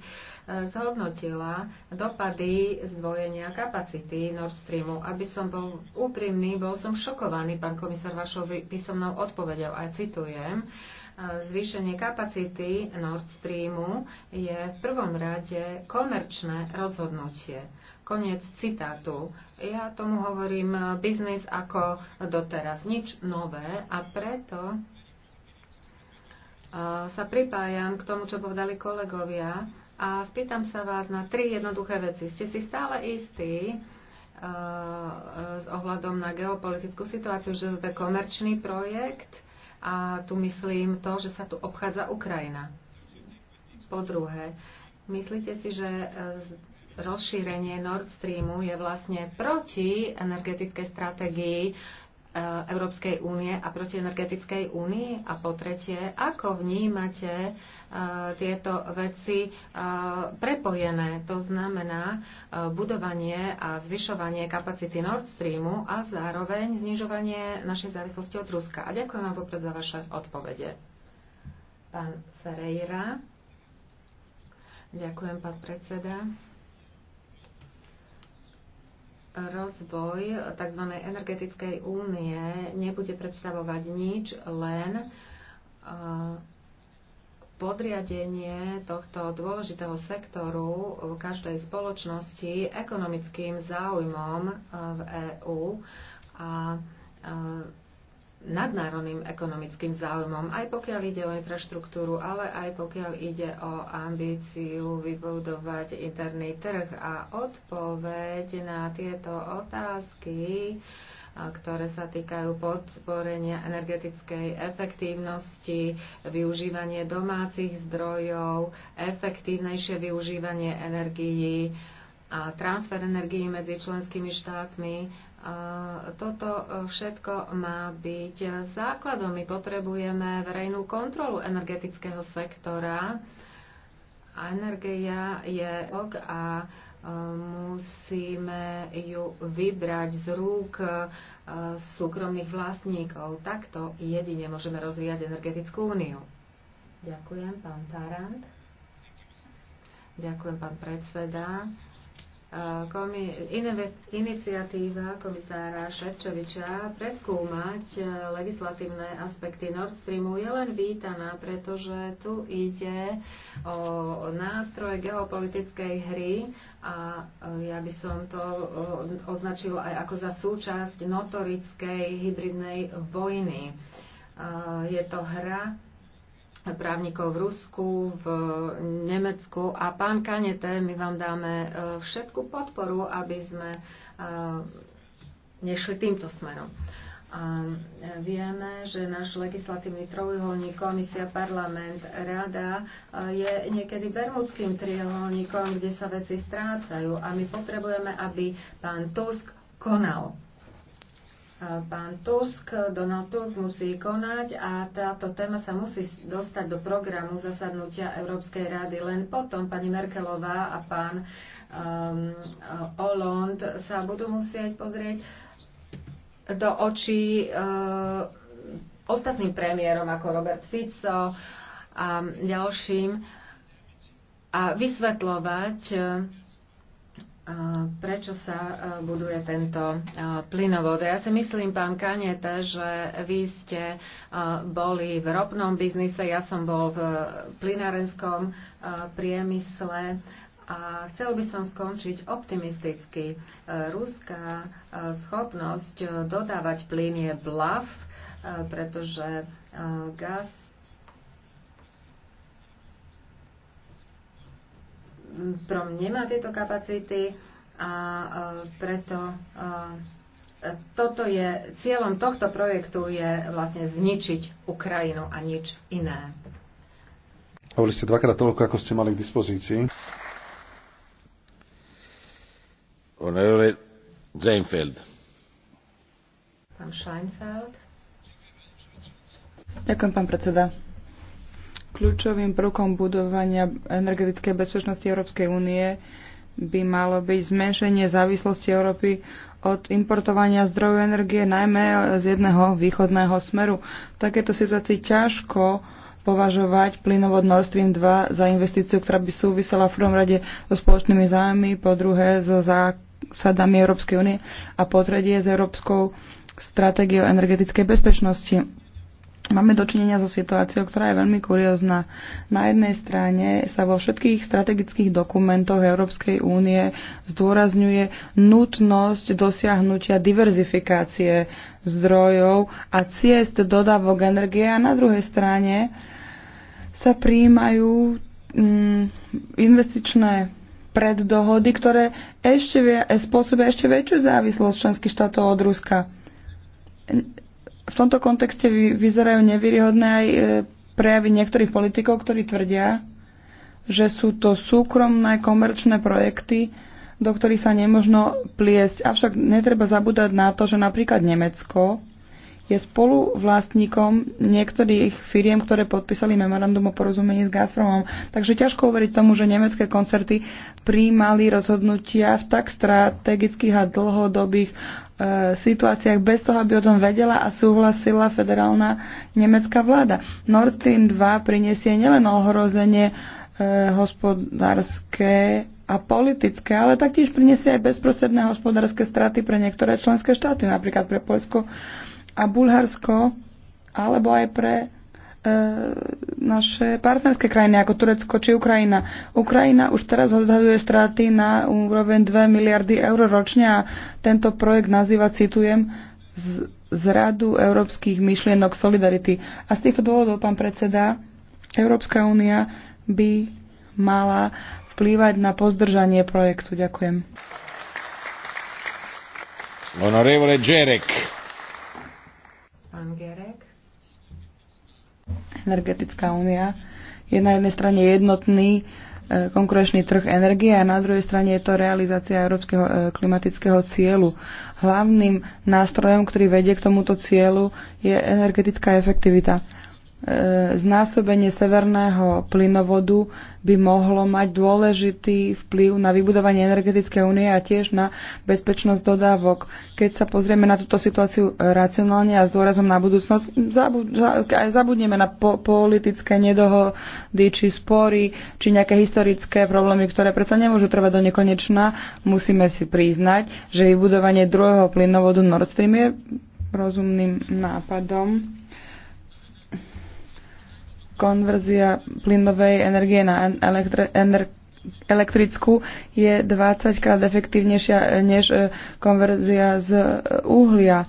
zhodnotila dopady zdvojenia kapacity Nord Streamu. Aby som bol úprimný, bol som šokovaný, pán komisár, vašou písomnou odpovedou. A citujem, e, zvýšenie kapacity Nord Streamu je v prvom rade komerčné rozhodnutie. Koniec citátu. Ja tomu hovorím eh, biznis ako doteraz. Nič nové a preto eh, sa pripájam k tomu, čo povedali kolegovia a spýtam sa vás na tri jednoduché veci. Ste si stále istí eh, s ohľadom na geopolitickú situáciu, že to je komerčný projekt a tu myslím to, že sa tu obchádza Ukrajina. Po druhé, myslíte si, že rozšírenie Nord Streamu je vlastne proti energetickej stratégii e, Európskej únie a proti energetickej únii? A po tretie, ako vnímate e, tieto veci e, prepojené? To znamená budovanie a zvyšovanie kapacity Nord Streamu a zároveň znižovanie našej závislosti od Ruska. A ďakujem vám vopred za vaše odpovede. Pán Ferreira. Ďakujem, pán predseda rozvoj tzv. energetickej únie nebude predstavovať nič, len e, podriadenie tohto dôležitého sektoru v každej spoločnosti ekonomickým záujmom e, v EÚ a e, nadnárodným ekonomickým záujmom, aj pokiaľ ide o infraštruktúru, ale aj pokiaľ ide o ambíciu vybudovať interný trh. A odpoveď na tieto otázky, ktoré sa týkajú podporenia energetickej efektívnosti, využívanie domácich zdrojov, efektívnejšie využívanie energií, a transfer energií medzi členskými štátmi. Toto e, všetko má byť základom. My potrebujeme verejnú kontrolu energetického sektora. Energia je a e, musíme ju vybrať z rúk e, súkromných vlastníkov. Takto jedine môžeme rozvíjať energetickú úniu. Ďakujem, pán Tarant. Ďakujem, pán predseda komi- iniciatíva komisára Ševčoviča preskúmať e, legislatívne aspekty Nord Streamu je len vítaná, pretože tu ide o nástroj geopolitickej hry a e, ja by som to e, označil aj ako za súčasť notorickej hybridnej vojny. Je to hra právnikov v Rusku, v Nemecku. A pán Kanete, my vám dáme e, všetku podporu, aby sme e, nešli týmto smerom. A e, vieme, že náš legislatívny trojuholník, komisia, parlament, rada je niekedy bermudským trojuholníkom, kde sa veci strácajú a my potrebujeme, aby pán Tusk konal. Pán Tusk, Donald Tusk musí konať a táto téma sa musí dostať do programu zasadnutia Európskej rady. Len potom pani Merkelová a pán um, Hollande sa budú musieť pozrieť do očí uh, ostatným premiérom ako Robert Fico a ďalším a vysvetľovať uh, prečo sa e, buduje tento e, plynovod. Ja si myslím, pán Kanete, že vy ste e, boli v ropnom biznise, ja som bol v plynárenskom priemysle a chcel by som skončiť optimisticky. Ruská schopnosť dodávať plyn je blav, pretože gaz Prom nemá tieto kapacity a e, preto e, toto je, cieľom tohto projektu je vlastne zničiť Ukrajinu a nič iné. Hovorili ste dvakrát toľko, ako ste mali k dispozícii. Honorable Seinfeld. Pán Scheinfeld. Ďakujem, pán predseda. Kľúčovým prvkom budovania energetickej bezpečnosti Európskej únie by malo byť zmenšenie závislosti Európy od importovania zdrojov energie, najmä z jedného východného smeru. V takéto situácii ťažko považovať plynovod Nord Stream 2 za investíciu, ktorá by súvisela v prvom rade so spoločnými zájmy, po druhé so zásadami Európskej únie a po tretie s európskou stratégiou energetickej bezpečnosti. Máme dočinenia so situáciou, ktorá je veľmi kuriózna. Na jednej strane sa vo všetkých strategických dokumentoch Európskej únie zdôrazňuje nutnosť dosiahnutia diverzifikácie zdrojov a ciest dodávok energie a na druhej strane sa prijímajú mm, investičné preddohody, ktoré ešte spôsobia ešte väčšiu závislosť členských štátov od Ruska v tomto kontexte vyzerajú nevýhodné aj e, prejavy niektorých politikov, ktorí tvrdia, že sú to súkromné komerčné projekty, do ktorých sa nemožno pliesť. Avšak netreba zabúdať na to, že napríklad Nemecko je spoluvlastníkom niektorých firiem, ktoré podpísali memorandum o porozumení s Gazpromom. Takže ťažko uveriť tomu, že nemecké koncerty príjmali rozhodnutia v tak strategických a dlhodobých E, situáciách bez toho, aby o tom vedela a súhlasila federálna nemecká vláda. Nord Stream 2 prinesie nielen ohrozenie e, hospodárske a politické, ale taktiež prinesie aj bezprostredné hospodárske straty pre niektoré členské štáty, napríklad pre Polsko a Bulharsko, alebo aj pre E, naše partnerské krajiny ako Turecko či Ukrajina. Ukrajina už teraz odhaduje straty na úroveň 2 miliardy eur ročne a tento projekt nazýva, citujem, z, zradu európskych myšlienok solidarity. A z týchto dôvodov, pán predseda, Európska únia by mala vplývať na pozdržanie projektu. Ďakujem. Honorevole Džerek. Pán energetická únia je na jednej strane jednotný e, konkurenčný trh energie a na druhej strane je to realizácia európskeho e, klimatického cieľu. Hlavným nástrojom, ktorý vedie k tomuto cieľu, je energetická efektivita. E, znásobenie severného plynovodu by mohlo mať dôležitý vplyv na vybudovanie energetickej únie a tiež na bezpečnosť dodávok. Keď sa pozrieme na túto situáciu racionálne a s dôrazom na budúcnosť, aj zabudneme na po, politické nedohody, či spory, či nejaké historické problémy, ktoré predsa nemôžu trvať do nekonečna. Musíme si priznať, že vybudovanie druhého plynovodu Nord Stream je rozumným nápadom konverzia plynovej energie na elektri- ener- elektrickú je 20 krát efektívnejšia e, než e, konverzia z e, uhlia.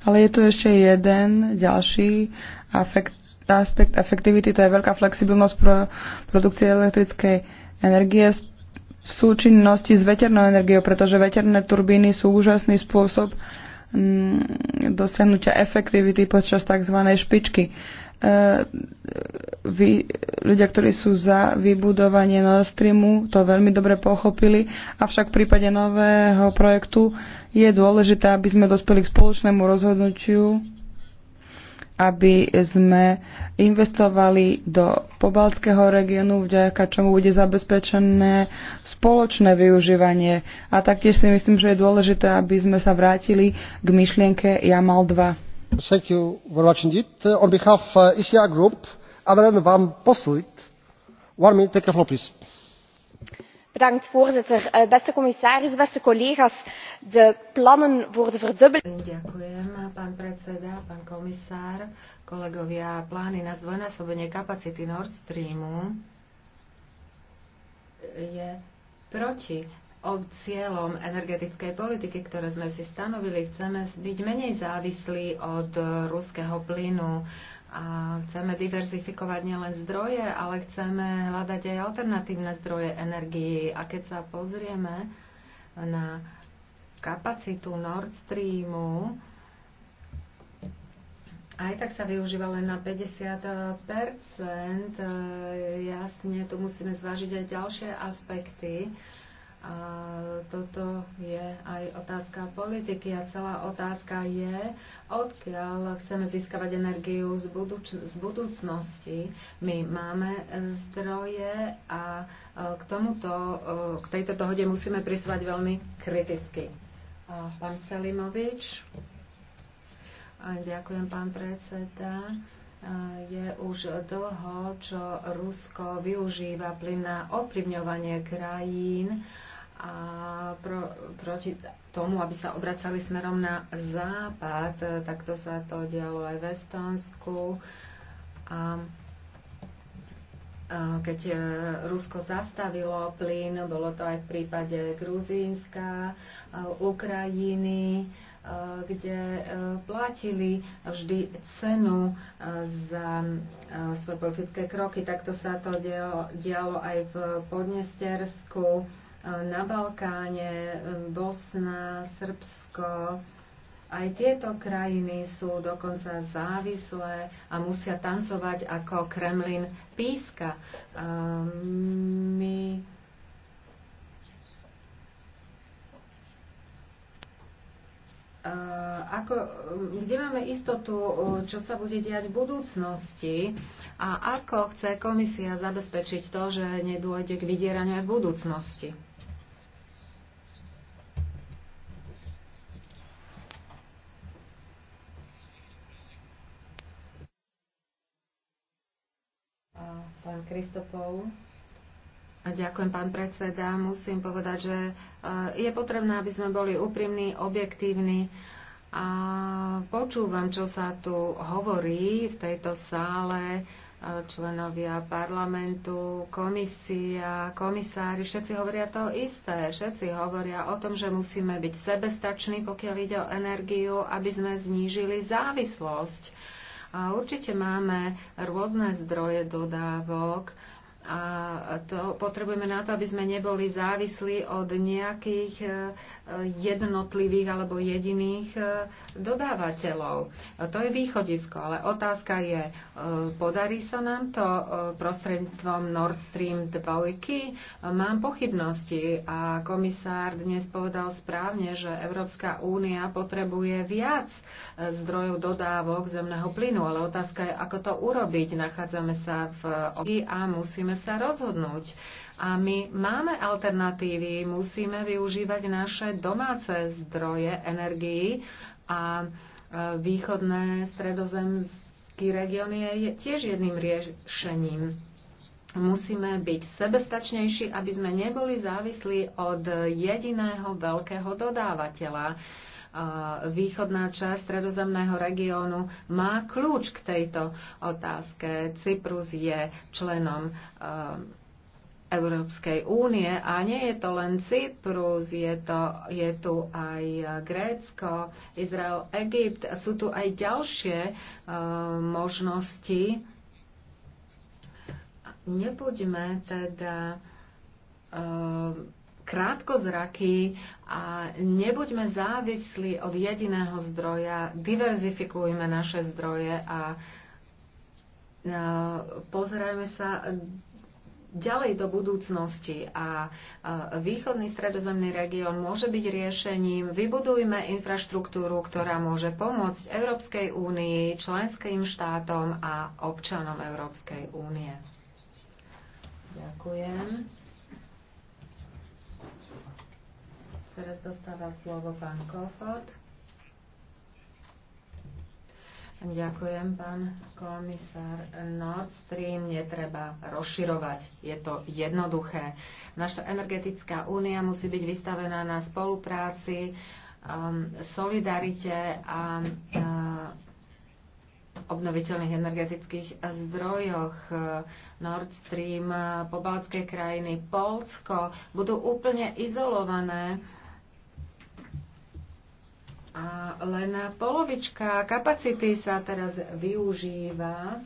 Ale je tu ešte jeden ďalší afekt, aspekt efektivity, to je veľká flexibilnosť pro produkcie elektrickej energie v súčinnosti s veternou energiou, pretože veterné turbíny sú úžasný spôsob, uh, Mm, dosiahnutia efektivity počas tzv. špičky. E, vy, ľudia, ktorí sú za vybudovanie Nord Streamu, to veľmi dobre pochopili, avšak v prípade nového projektu je dôležité, aby sme dospeli k spoločnému rozhodnutiu aby sme investovali do pobalského regiónu, vďaka čomu bude zabezpečené spoločné využívanie. A taktiež si myslím, že je dôležité, aby sme sa vrátili k myšlienke Jamal 2. Thank you very much indeed. Uh, on behalf of uh, ICR e Group, I Avren Van Posselt, one minute, take a floor, please voorzitter eh, beste commissaris beste collega's de plannen voor de verdubbeling. proti cieľom energetickej politiky, ktoré sme si stanovili, chceme byť menej závislí od ruského plynu. A chceme diverzifikovať nielen zdroje, ale chceme hľadať aj alternatívne zdroje energii. A keď sa pozrieme na kapacitu Nord Streamu, aj tak sa využíva len na 50 Jasne, tu musíme zvážiť aj ďalšie aspekty a toto je aj otázka politiky a celá otázka je, odkiaľ chceme získavať energiu z, budúč- z budúcnosti. My máme zdroje a e, k, tomuto, e, k tejto dohode musíme pristúvať veľmi kriticky. Pán Selimovič. Ďakujem, pán predseda je už dlho, čo Rusko využíva plyn na ovplyvňovanie krajín a pro, proti tomu, aby sa obracali smerom na západ. E, takto sa to dialo aj v Estonsku. A e, keď e, Rusko zastavilo plyn, bolo to aj v prípade Gruzínska, Ukrajiny, kde platili vždy cenu za svoje politické kroky. Takto sa to dialo, dialo aj v Podnestersku Eh, na Balkáne, eh, Bosna, Srbsko. Aj tieto krajiny sú dokonca závislé a musia tancovať ako Kremlin píska. Eh, my ako, kde máme istotu, čo sa bude diať v budúcnosti a ako chce komisia zabezpečiť to, že nedôjde k vydieraniu aj v budúcnosti. Pán Kristopov. ďakujem, pán predseda. Musím povedať, že eh, je potrebné, aby sme boli úprimní, objektívni. A počúvam, čo sa tu hovorí v tejto sále eh, členovia parlamentu, komisia, komisári, všetci hovoria to isté. Všetci hovoria o tom, že musíme byť sebestační, pokiaľ ide o energiu, aby sme znížili závislosť Určite máme rôzne zdroje dodávok a to potrebujeme na to, aby sme neboli závislí od nejakých e, jednotlivých alebo jediných e, dodávateľov. To je východisko, ale otázka je, e, podarí sa nám to prostredníctvom Nord Stream 2? Mám pochybnosti a komisár dnes povedal správne, že Európska únia potrebuje viac zdrojov dodávok zemného plynu, ale otázka je, ako to urobiť. Nachádzame sa v a musíme musíme sa rozhodnúť. A my máme alternatívy, musíme využívať naše domáce zdroje energií a e, východné stredozemský región je tiež jedným riešením musíme byť sebestačnejší, aby sme neboli závislí od jediného veľkého dodávateľa východná časť stredozemného regiónu má kľúč k tejto otázke. Cyprus je členom eh, Európskej únie a nie je to len Cyprus, je, to, je tu aj Grécko, Izrael, Egypt. Sú tu aj ďalšie eh, možnosti. Nebuďme teda uh, krátkozraky a nebuďme závislí od jediného zdroja, diverzifikujme naše zdroje a pozerajme sa ďalej do budúcnosti a východný stredozemný región môže byť riešením. Vybudujme infraštruktúru, ktorá môže pomôcť Európskej únii, členským štátom a občanom Európskej únie. Ďakujem. Teraz dostáva slovo pán Kofod. Ďakujem, pán komisár. Nord Stream netreba rozširovať. Je to jednoduché. Naša energetická únia musí byť vystavená na spolupráci, um, solidarite a uh, obnoviteľných energetických zdrojoch, Nord Stream, uh, pobaltské krajiny, Polsko budú úplne izolované a len polovička kapacity sa teraz využíva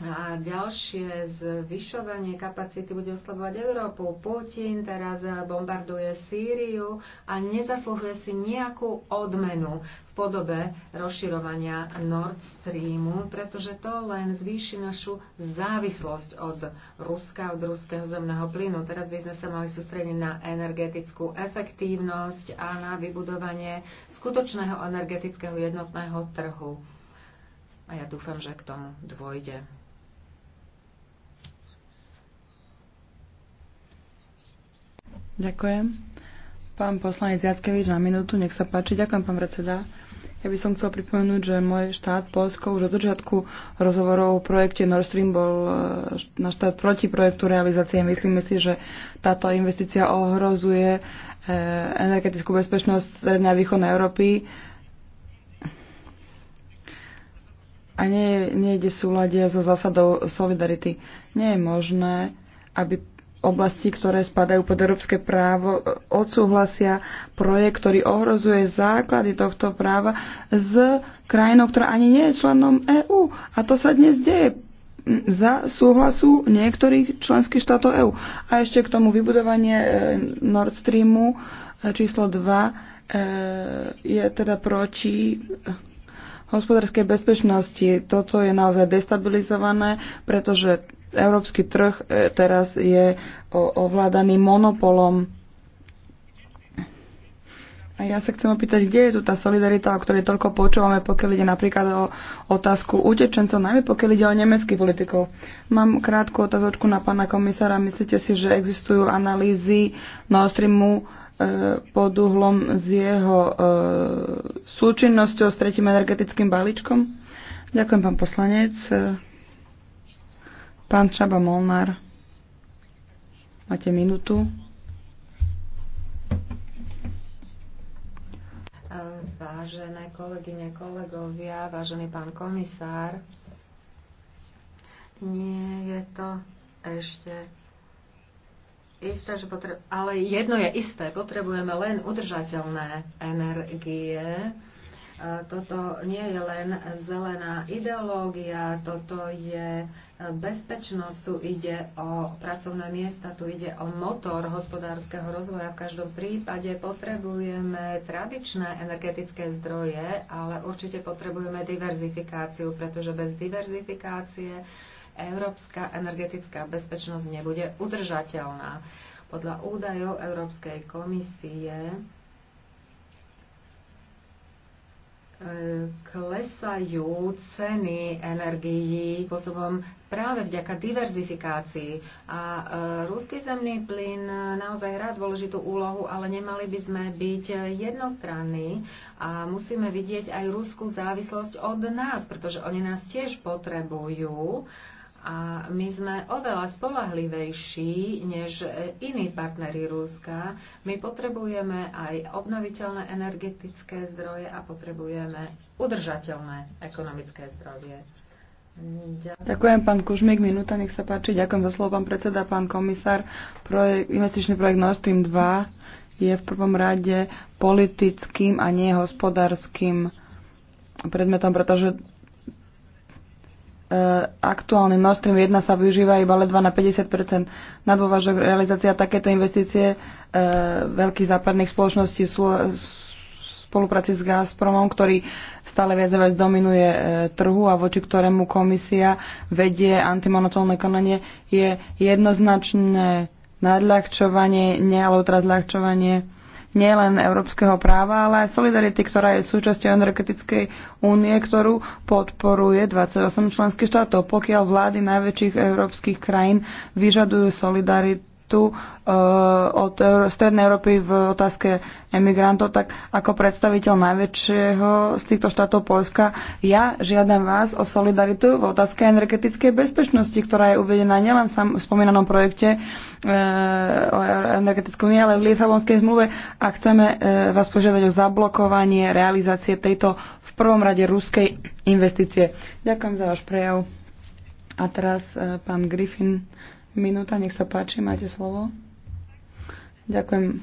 a ďalšie zvyšovanie kapacity bude oslabovať Európu. Putin teraz bombarduje Sýriu a nezaslúhuje si nejakú odmenu v podobe rozširovania Nord Streamu, pretože to len zvýši našu závislosť od Ruska, od ruského zemného plynu. Teraz by sme sa mali sústrediť na energetickú efektívnosť a na vybudovanie skutočného energetického jednotného trhu. A ja dúfam, že k tomu dôjde. Ďakujem. Pán poslanec Jackevič na minútu, nech sa páči. Ďakujem, pán predseda. Ja by som chcel pripomenúť, že môj štát Polsko už od začiatku rozhovorov o projekte Nord Stream bol e, na štát proti projektu realizácie. Myslíme si, že táto investícia ohrozuje e, energetickú bezpečnosť Strednej a Východnej Európy a nie, nejde súľadia so zásadou solidarity. Nie je možné, aby oblasti, ktoré spadajú pod európske právo, odsúhlasia projekt, ktorý ohrozuje základy tohto práva z krajinou, ktorá ani nie je členom EÚ. A to sa dnes deje za súhlasu niektorých členských štátov EÚ. A ešte k tomu vybudovanie e, Nord Streamu e, číslo 2 e, je teda proti hospodárskej bezpečnosti. Toto je naozaj destabilizované, pretože Európsky trh e, teraz je ovládaný monopolom. A ja sa chcem opýtať, kde je tu tá solidarita, o ktorej toľko počúvame, pokiaľ ide napríklad o otázku utečencov, najmä pokiaľ ide o nemeckých politikov. Mám krátku otázočku na pána komisára. Myslíte si, že existujú analýzy Nord Streamu, e, pod uhlom s jeho e, súčinnosťou s tretím energetickým balíčkom. Ďakujem, pán poslanec. Pán Čaba Molnár, máte minútu. Vážené kolegyne, kolegovia, vážený pán komisár, nie je to ešte isté, že potre... ale jedno je isté, potrebujeme len udržateľné energie. Toto nie je len zelená ideológia, toto je bezpečnosť, tu ide o pracovné miesta, tu ide o motor hospodárskeho rozvoja. V každom prípade potrebujeme tradičné energetické zdroje, ale určite potrebujeme diverzifikáciu, pretože bez diverzifikácie európska energetická bezpečnosť nebude udržateľná. Podľa údajov Európskej komisie klesajú ceny energií spôsobom práve vďaka diverzifikácii. A e, ruský zemný plyn naozaj hrá dôležitú úlohu, ale nemali by sme byť jednostranní a musíme vidieť aj ruskú závislosť od nás, pretože oni nás tiež potrebujú. A my sme oveľa spolahlivejší než iní partneri Rúska. My potrebujeme aj obnoviteľné energetické zdroje a potrebujeme udržateľné ekonomické zdroje. Ďakujem. Ďakujem, pán Kužmík, minúta, nech sa páči. Ďakujem za slovo, pán predseda, pán komisár. Projekt, investičný projekt Nord Stream 2 je v prvom rade politickým a nie hospodárskym predmetom, pretože E, aktuálne Nord Stream 1 sa využíva iba ledva na 50 na dôvažok realizácia takéto investície e, veľkých západných spoločností sú spolupráci s Gazpromom, ktorý stále viac a viac dominuje e, trhu a voči ktorému komisia vedie antimonotónne konanie, je jednoznačné nadľahčovanie, ne, alebo teraz ľahčovanie nielen európskeho práva, ale aj solidarity, ktorá je súčasťou energetickej únie, ktorú podporuje 28 členských štátov. Pokiaľ vlády najväčších európskych krajín vyžadujú solidaritu, konfliktu e, od Strednej Európy v otázke emigrantov, tak ako predstaviteľ najväčšieho z týchto štátov Polska, ja žiadam vás o solidaritu v otázke energetickej bezpečnosti, ktorá je uvedená nielen v spomínanom projekte e, o energetickej únie, ale v Lisabonskej zmluve a chceme e, vás požiadať o zablokovanie realizácie tejto v prvom rade ruskej investície. Ďakujem za váš prejav. A teraz pán Griffin Minúta, nech sa páči, máte slovo. Ďakujem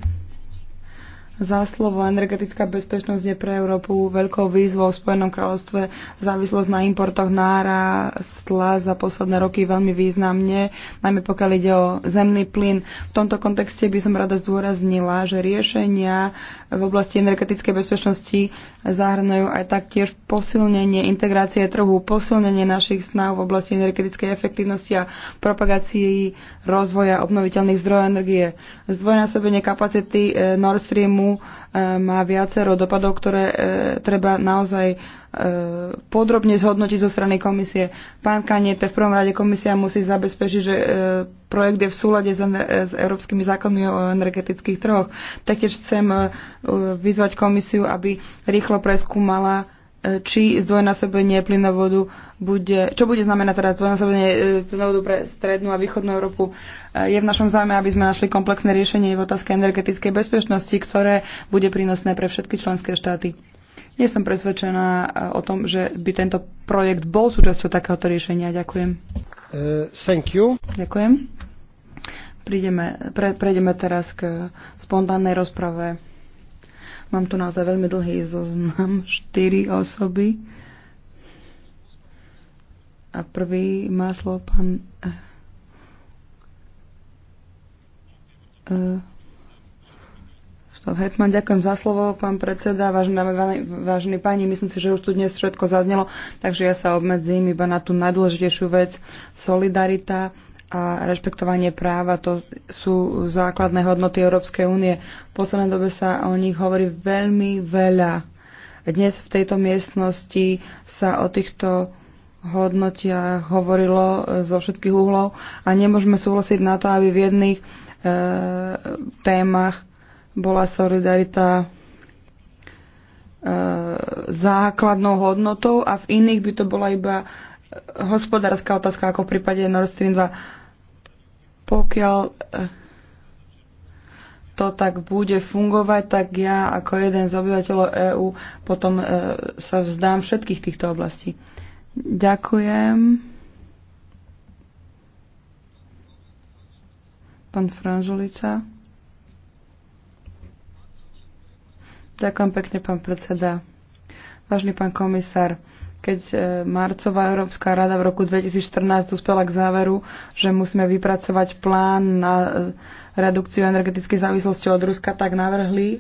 za slovo. Energetická bezpečnosť je pre Európu veľkou výzvou. V Spojenom kráľovstve závislosť na importoch nárástla za posledné roky veľmi významne, najmä pokiaľ ide o zemný plyn. V tomto kontexte by som rada zdôraznila, že riešenia v oblasti energetickej bezpečnosti zahrňajú aj taktiež posilnenie integrácie trhu, posilnenie našich snáv v oblasti energetickej efektivnosti a propagácii rozvoja obnoviteľných zdrojov energie. Zdvojnásobenie kapacity e, Nord Streamu e, má viacero dopadov, ktoré e, treba naozaj podrobne zhodnotiť zo strany komisie. Pán to v prvom rade komisia musí zabezpečiť, že projekt je v súlade s, s európskymi zákonmi o energetických trhoch. Taktiež chcem e, e, vyzvať komisiu, aby rýchlo preskúmala e, či zdvojnásobenie plynovodu bude, čo bude znamenať teda zdvojnásobenie plynovodu pre strednú a východnú Európu. Je v našom záujme, aby sme našli komplexné riešenie v otázke energetickej bezpečnosti, ktoré bude prínosné pre všetky členské štáty. Nie som presvedčená o tom, že by tento projekt bol súčasťou takéhoto riešenia. Ďakujem. Uh, thank you. Ďakujem. Prídeme, pre, prejdeme teraz k spontánnej rozprave. Mám tu naozaj veľmi dlhý zoznam, štyri osoby. A prvý má slovo pán... Uh, Hetman, ďakujem za slovo, pán predseda, vážená, vážení páni, myslím si, že už tu dnes všetko zaznelo, takže ja sa obmedzím iba na tú najdôležitejšiu vec, solidarita a rešpektovanie práva, to sú základné hodnoty Európskej únie. V poslednej dobe sa o nich hovorí veľmi veľa. Dnes v tejto miestnosti sa o týchto hodnotiach hovorilo zo všetkých uhlov a nemôžeme súhlasiť na to, aby v jedných e, témach bola solidarita e, základnou hodnotou a v iných by to bola iba hospodárska otázka, ako v prípade Nord Stream 2 pokiaľ eh, to tak bude fungovať, tak ja ako jeden z obyvateľov EÚ potom eh, sa vzdám všetkých týchto oblastí. Ďakujem. Pán Franžulica. Ďakujem pekne, pán predseda. Vážny pán komisár, keď e, Marcová Európska rada v roku 2014 uspela k záveru, že musíme vypracovať plán na e, redukciu energetickej závislosti od Ruska, tak navrhli,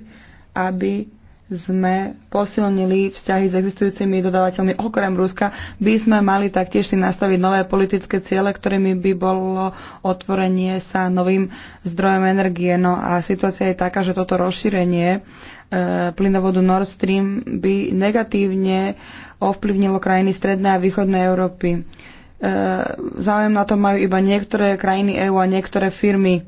aby sme posilnili vzťahy s existujúcimi dodávateľmi okrem Ruska, by sme mali taktiež si nastaviť nové politické ciele, ktorými by bolo otvorenie sa novým zdrojom energie. No a situácia je taká, že toto rozšírenie e, plynovodu Nord Stream by negatívne ovplyvnilo krajiny Strednej a Východnej Európy. E, záujem na to majú iba niektoré krajiny EÚ a niektoré firmy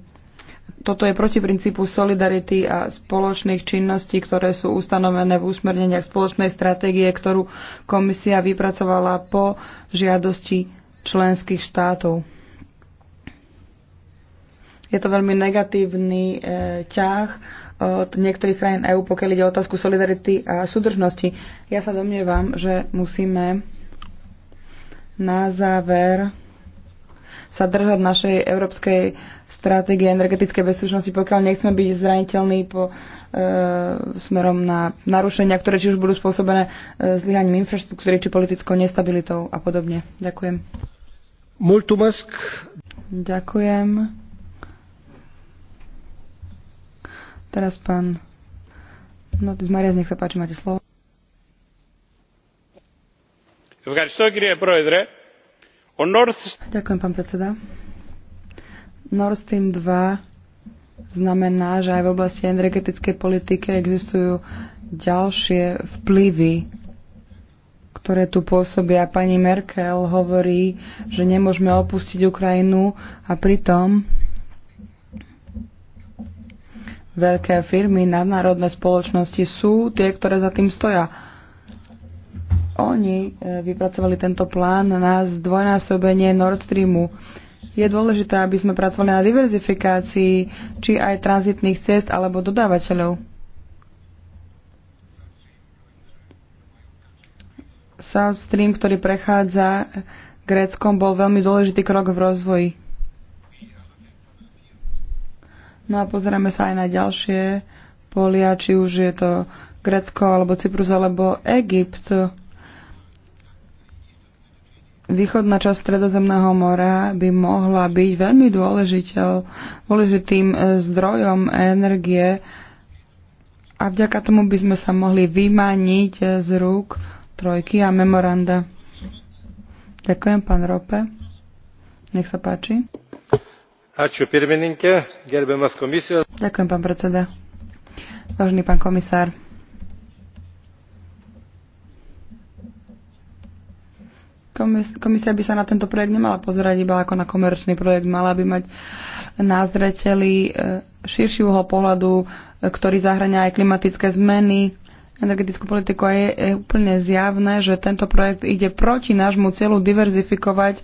toto je proti princípu solidarity a spoločných činností, ktoré sú ustanovené v úsmerneniach spoločnej stratégie, ktorú komisia vypracovala po žiadosti členských štátov. Je to veľmi negatívny e, ťah e, od niektorých krajín EÚ, pokiaľ ide o otázku solidarity a súdržnosti. Ja sa domnievam, že musíme na záver sa držať našej európskej stratégie energetickej bezpečnosti, pokiaľ nechceme byť zraniteľní po e, smerom na narušenia, ktoré či už budú spôsobené e, zlyhaním infraštruktúry či politickou nestabilitou a podobne. Ďakujem. Multumask. Ďakujem. Teraz pán no, Marias, nech sa páči, máte slovo. Ďakujem, pán predseda. Nord Stream 2 znamená, že aj v oblasti energetickej politiky existujú ďalšie vplyvy, ktoré tu pôsobia. Pani Merkel hovorí, že nemôžeme opustiť Ukrajinu a pritom veľké firmy, nadnárodné spoločnosti sú tie, ktoré za tým stoja. Oni e, vypracovali tento plán na zdvojnásobenie Nord Streamu je dôležité, aby sme pracovali na diverzifikácii či aj tranzitných ciest alebo dodávateľov. South Stream, ktorý prechádza Gréckom, bol veľmi dôležitý krok v rozvoji. No a pozrieme sa aj na ďalšie polia, či už je to Grécko, alebo Cyprus, alebo Egypt východná časť Stredozemného mora by mohla byť veľmi dôležitým e, zdrojom energie a vďaka tomu by sme sa mohli vymaniť e, z rúk trojky a memoranda. Ďakujem, pán Rope. Nech sa páči. Ďakujem, pán predseda. Vážený pán komisár. Komisia by sa na tento projekt nemala pozerať iba ako na komerčný projekt, mala by mať na zreteli e, širší uhol pohľadu, e, ktorý zahrania aj klimatické zmeny, energetickú politiku a je, je úplne zjavné, že tento projekt ide proti nášmu cieľu diverzifikovať e,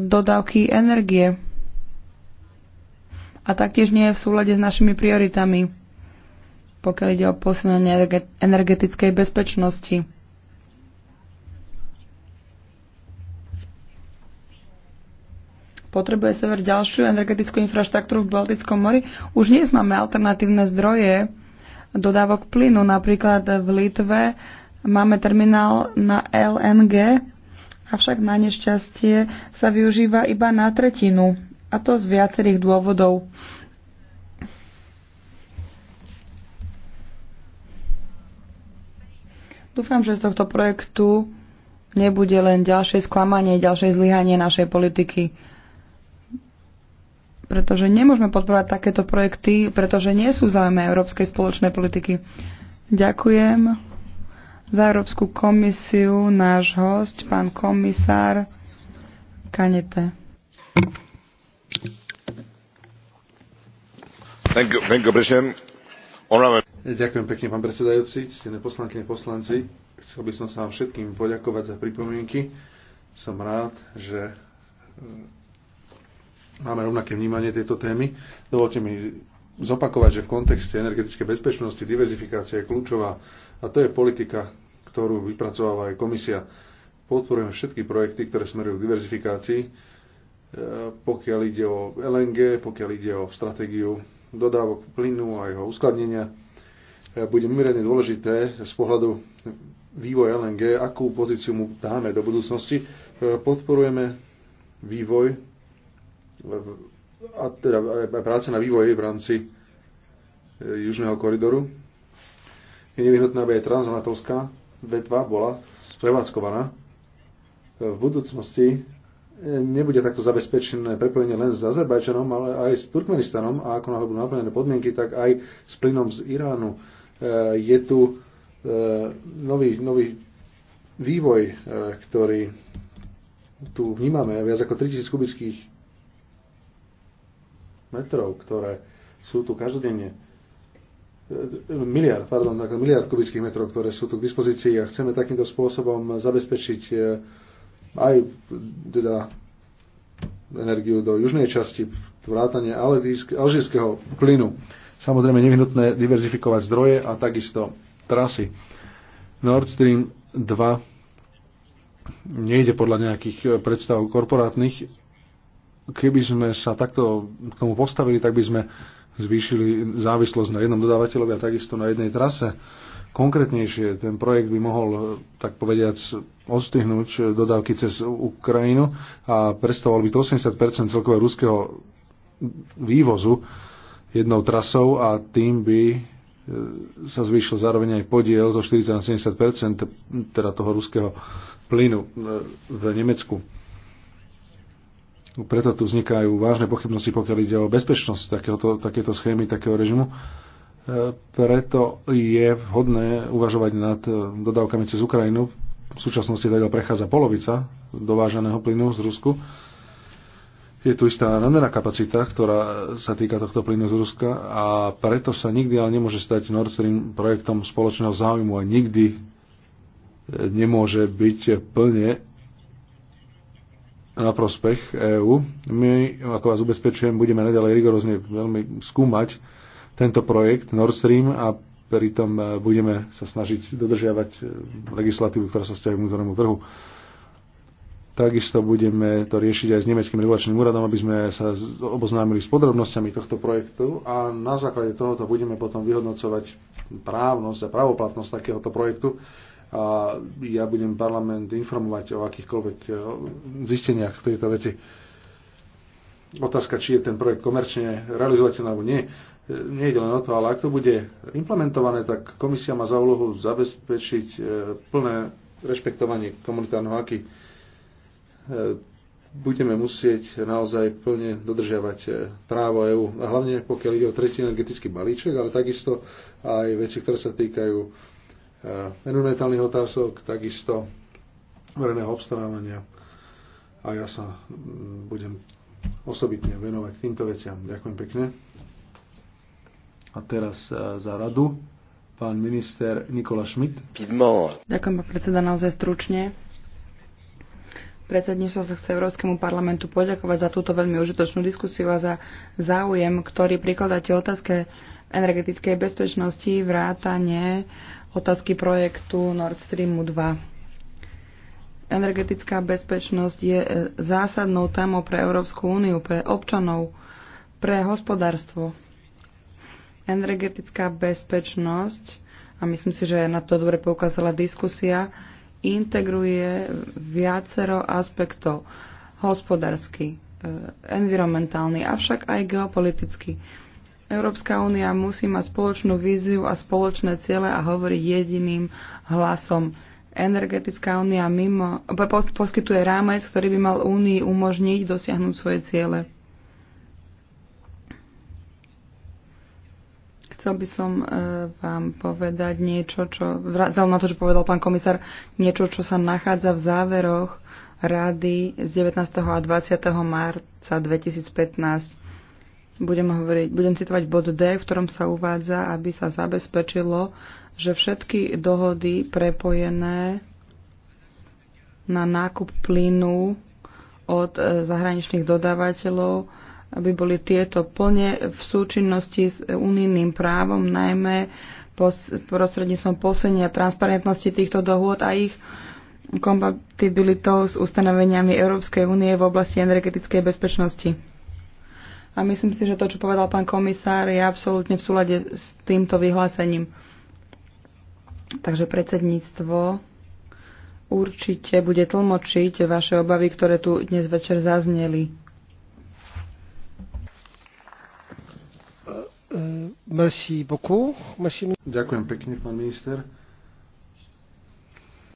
dodávky energie. A taktiež nie je v súlade s našimi prioritami, pokiaľ ide o posilnenie energetickej bezpečnosti. Potrebuje sever ďalšiu energetickú infraštruktúru v Baltickom mori. Už dnes máme alternatívne zdroje dodávok plynu. Napríklad v Litve máme terminál na LNG, avšak na nešťastie sa využíva iba na tretinu. A to z viacerých dôvodov. Dúfam, že z tohto projektu nebude len ďalšie sklamanie, ďalšie zlyhanie našej politiky pretože nemôžeme podporovať takéto projekty, pretože nie sú záujme európskej spoločnej politiky. Ďakujem za Európsku komisiu, náš host, pán komisár Kanete. Ďakujem pekne, pán predsedajúci, ctené poslankyne, poslanci. Chcel by som sa vám všetkým poďakovať za pripomienky. Som rád, že máme rovnaké vnímanie tejto témy. Dovolte mi zopakovať, že v kontexte energetickej bezpečnosti diverzifikácia je kľúčová a to je politika, ktorú vypracováva aj komisia. Podporujeme všetky projekty, ktoré smerujú k diverzifikácii, e, pokiaľ ide o LNG, pokiaľ ide o stratégiu dodávok plynu a jeho uskladnenia. E, bude mimoriadne dôležité z pohľadu vývoj LNG, akú pozíciu mu dáme do budúcnosti. E, podporujeme vývoj a teda e, e, práca na vývoji v rámci e, južného koridoru. Je nevyhnutné, aby aj transanatovská vetva bola sprevádzkovaná. V budúcnosti nebude takto zabezpečené prepojenie len s Azerbajčanom, ale aj s Turkmenistanom a ako náhle budú naplnené podmienky, tak aj s plynom z Iránu. Je tu nový, nový vývoj, ktorý tu vnímame. Viac ako 3000 kubických metrov, ktoré sú tu každodenne, eh, miliard, pardon, miliard kubických metrov, ktoré sú tu k dispozícii a chceme takýmto spôsobom zabezpečiť eh, aj teda energiu do južnej časti, vrátanie alžírskeho plynu. Samozrejme nevyhnutné diverzifikovať zdroje a takisto trasy. Nord Stream 2 nejde podľa nejakých eh, predstav korporátnych, keby sme sa takto k tomu postavili, tak by sme zvýšili závislosť na jednom dodávateľovi a takisto na jednej trase. Konkrétnejšie ten projekt by mohol, tak povediac, ostihnúť dodávky cez Ukrajinu a predstavoval by to 80 celkového ruského vývozu jednou trasou a tým by e, sa zvýšil zároveň aj podiel zo 40 na 70 teda toho ruského plynu e, v Nemecku. No preto tu vznikajú vážne pochybnosti, pokiaľ ide o bezpečnosť takéhoto, takéto schémy, takého režimu. E, preto je vhodné uvažovať nad e, dodávkami cez Ukrajinu. V súčasnosti teda prechádza polovica dováženého plynu z Rusku. Je tu istá nadmerná kapacita, ktorá sa týka tohto plynu z Ruska a preto sa nikdy ale nemôže stať Nord Stream projektom spoločného záujmu a nikdy e, nemôže byť plne na prospech EÚ. My, ako vás ubezpečujem, budeme naďalej rigorózne veľmi skúmať tento projekt Nord Stream a pritom e, budeme sa snažiť dodržiavať e, legislatívu, ktorá sa vzťahuje k vnútornému trhu. Takisto budeme to riešiť aj s nemeckým regulačným úradom, aby sme sa oboznámili s podrobnosťami tohto projektu a na základe tohoto budeme potom vyhodnocovať právnosť a právoplatnosť takéhoto projektu a ja budem parlament informovať o akýchkoľvek e, zisteniach v tejto veci. Otázka, či je ten projekt komerčne realizovateľný alebo nie, nie je len o to, ale ak to bude implementované, tak komisia má za úlohu zabezpečiť e, plné rešpektovanie komunitárneho aký e, Budeme musieť naozaj plne dodržiavať právo EÚ, a hlavne pokiaľ ide o tretí energetický balíček, ale takisto aj veci, ktoré sa týkajú Eh, environmentálnych otázok, takisto verejného obstarávania. A ja sa mm, budem osobitne venovať týmto veciam. Ďakujem pekne. A teraz eh, za radu pán minister Nikola Šmit. Ďakujem, pán predseda, naozaj stručne. Predsedníctvo sa chce Európskemu parlamentu poďakovať za túto veľmi užitočnú diskusiu a za záujem, ktorý prikladáte otázke energetickej bezpečnosti, vrátane otázky projektu Nord Streamu 2. Energetická bezpečnosť je e, zásadnou témou pre Európsku úniu, pre občanov, pre hospodárstvo. Energetická bezpečnosť, a myslím si, že na to dobre poukázala diskusia, integruje viacero aspektov hospodársky, e, environmentálny, avšak aj geopolitický. Európska únia musí mať spoločnú víziu a spoločné ciele a hovorí jediným hlasom. Energetická únia mimo, poskytuje rámec, ktorý by mal únii umožniť dosiahnuť svoje ciele. Chcel by som e, vám povedať niečo, čo, vzal na to, čo povedal pán komisár, niečo, čo sa nachádza v záveroch rady z 19. a 20. marca 2015 budem hovoriť, budem citovať bod D, v ktorom sa uvádza, aby sa zabezpečilo, že všetky dohody prepojené na nákup plynu od e, zahraničných dodávateľov, aby boli tieto plne v súčinnosti s unijným právom, najmä prostredníctvom posenia transparentnosti týchto dohôd a ich kompatibilitou s ustanoveniami Európskej únie v oblasti energetickej bezpečnosti a myslím si, že to, čo povedal pán komisár, je absolútne v súlade s týmto vyhlásením. Takže predsedníctvo určite bude tlmočiť vaše obavy, ktoré tu dnes večer zazneli. Merci beaucoup. Merci... Ďakujem pekne, pán minister.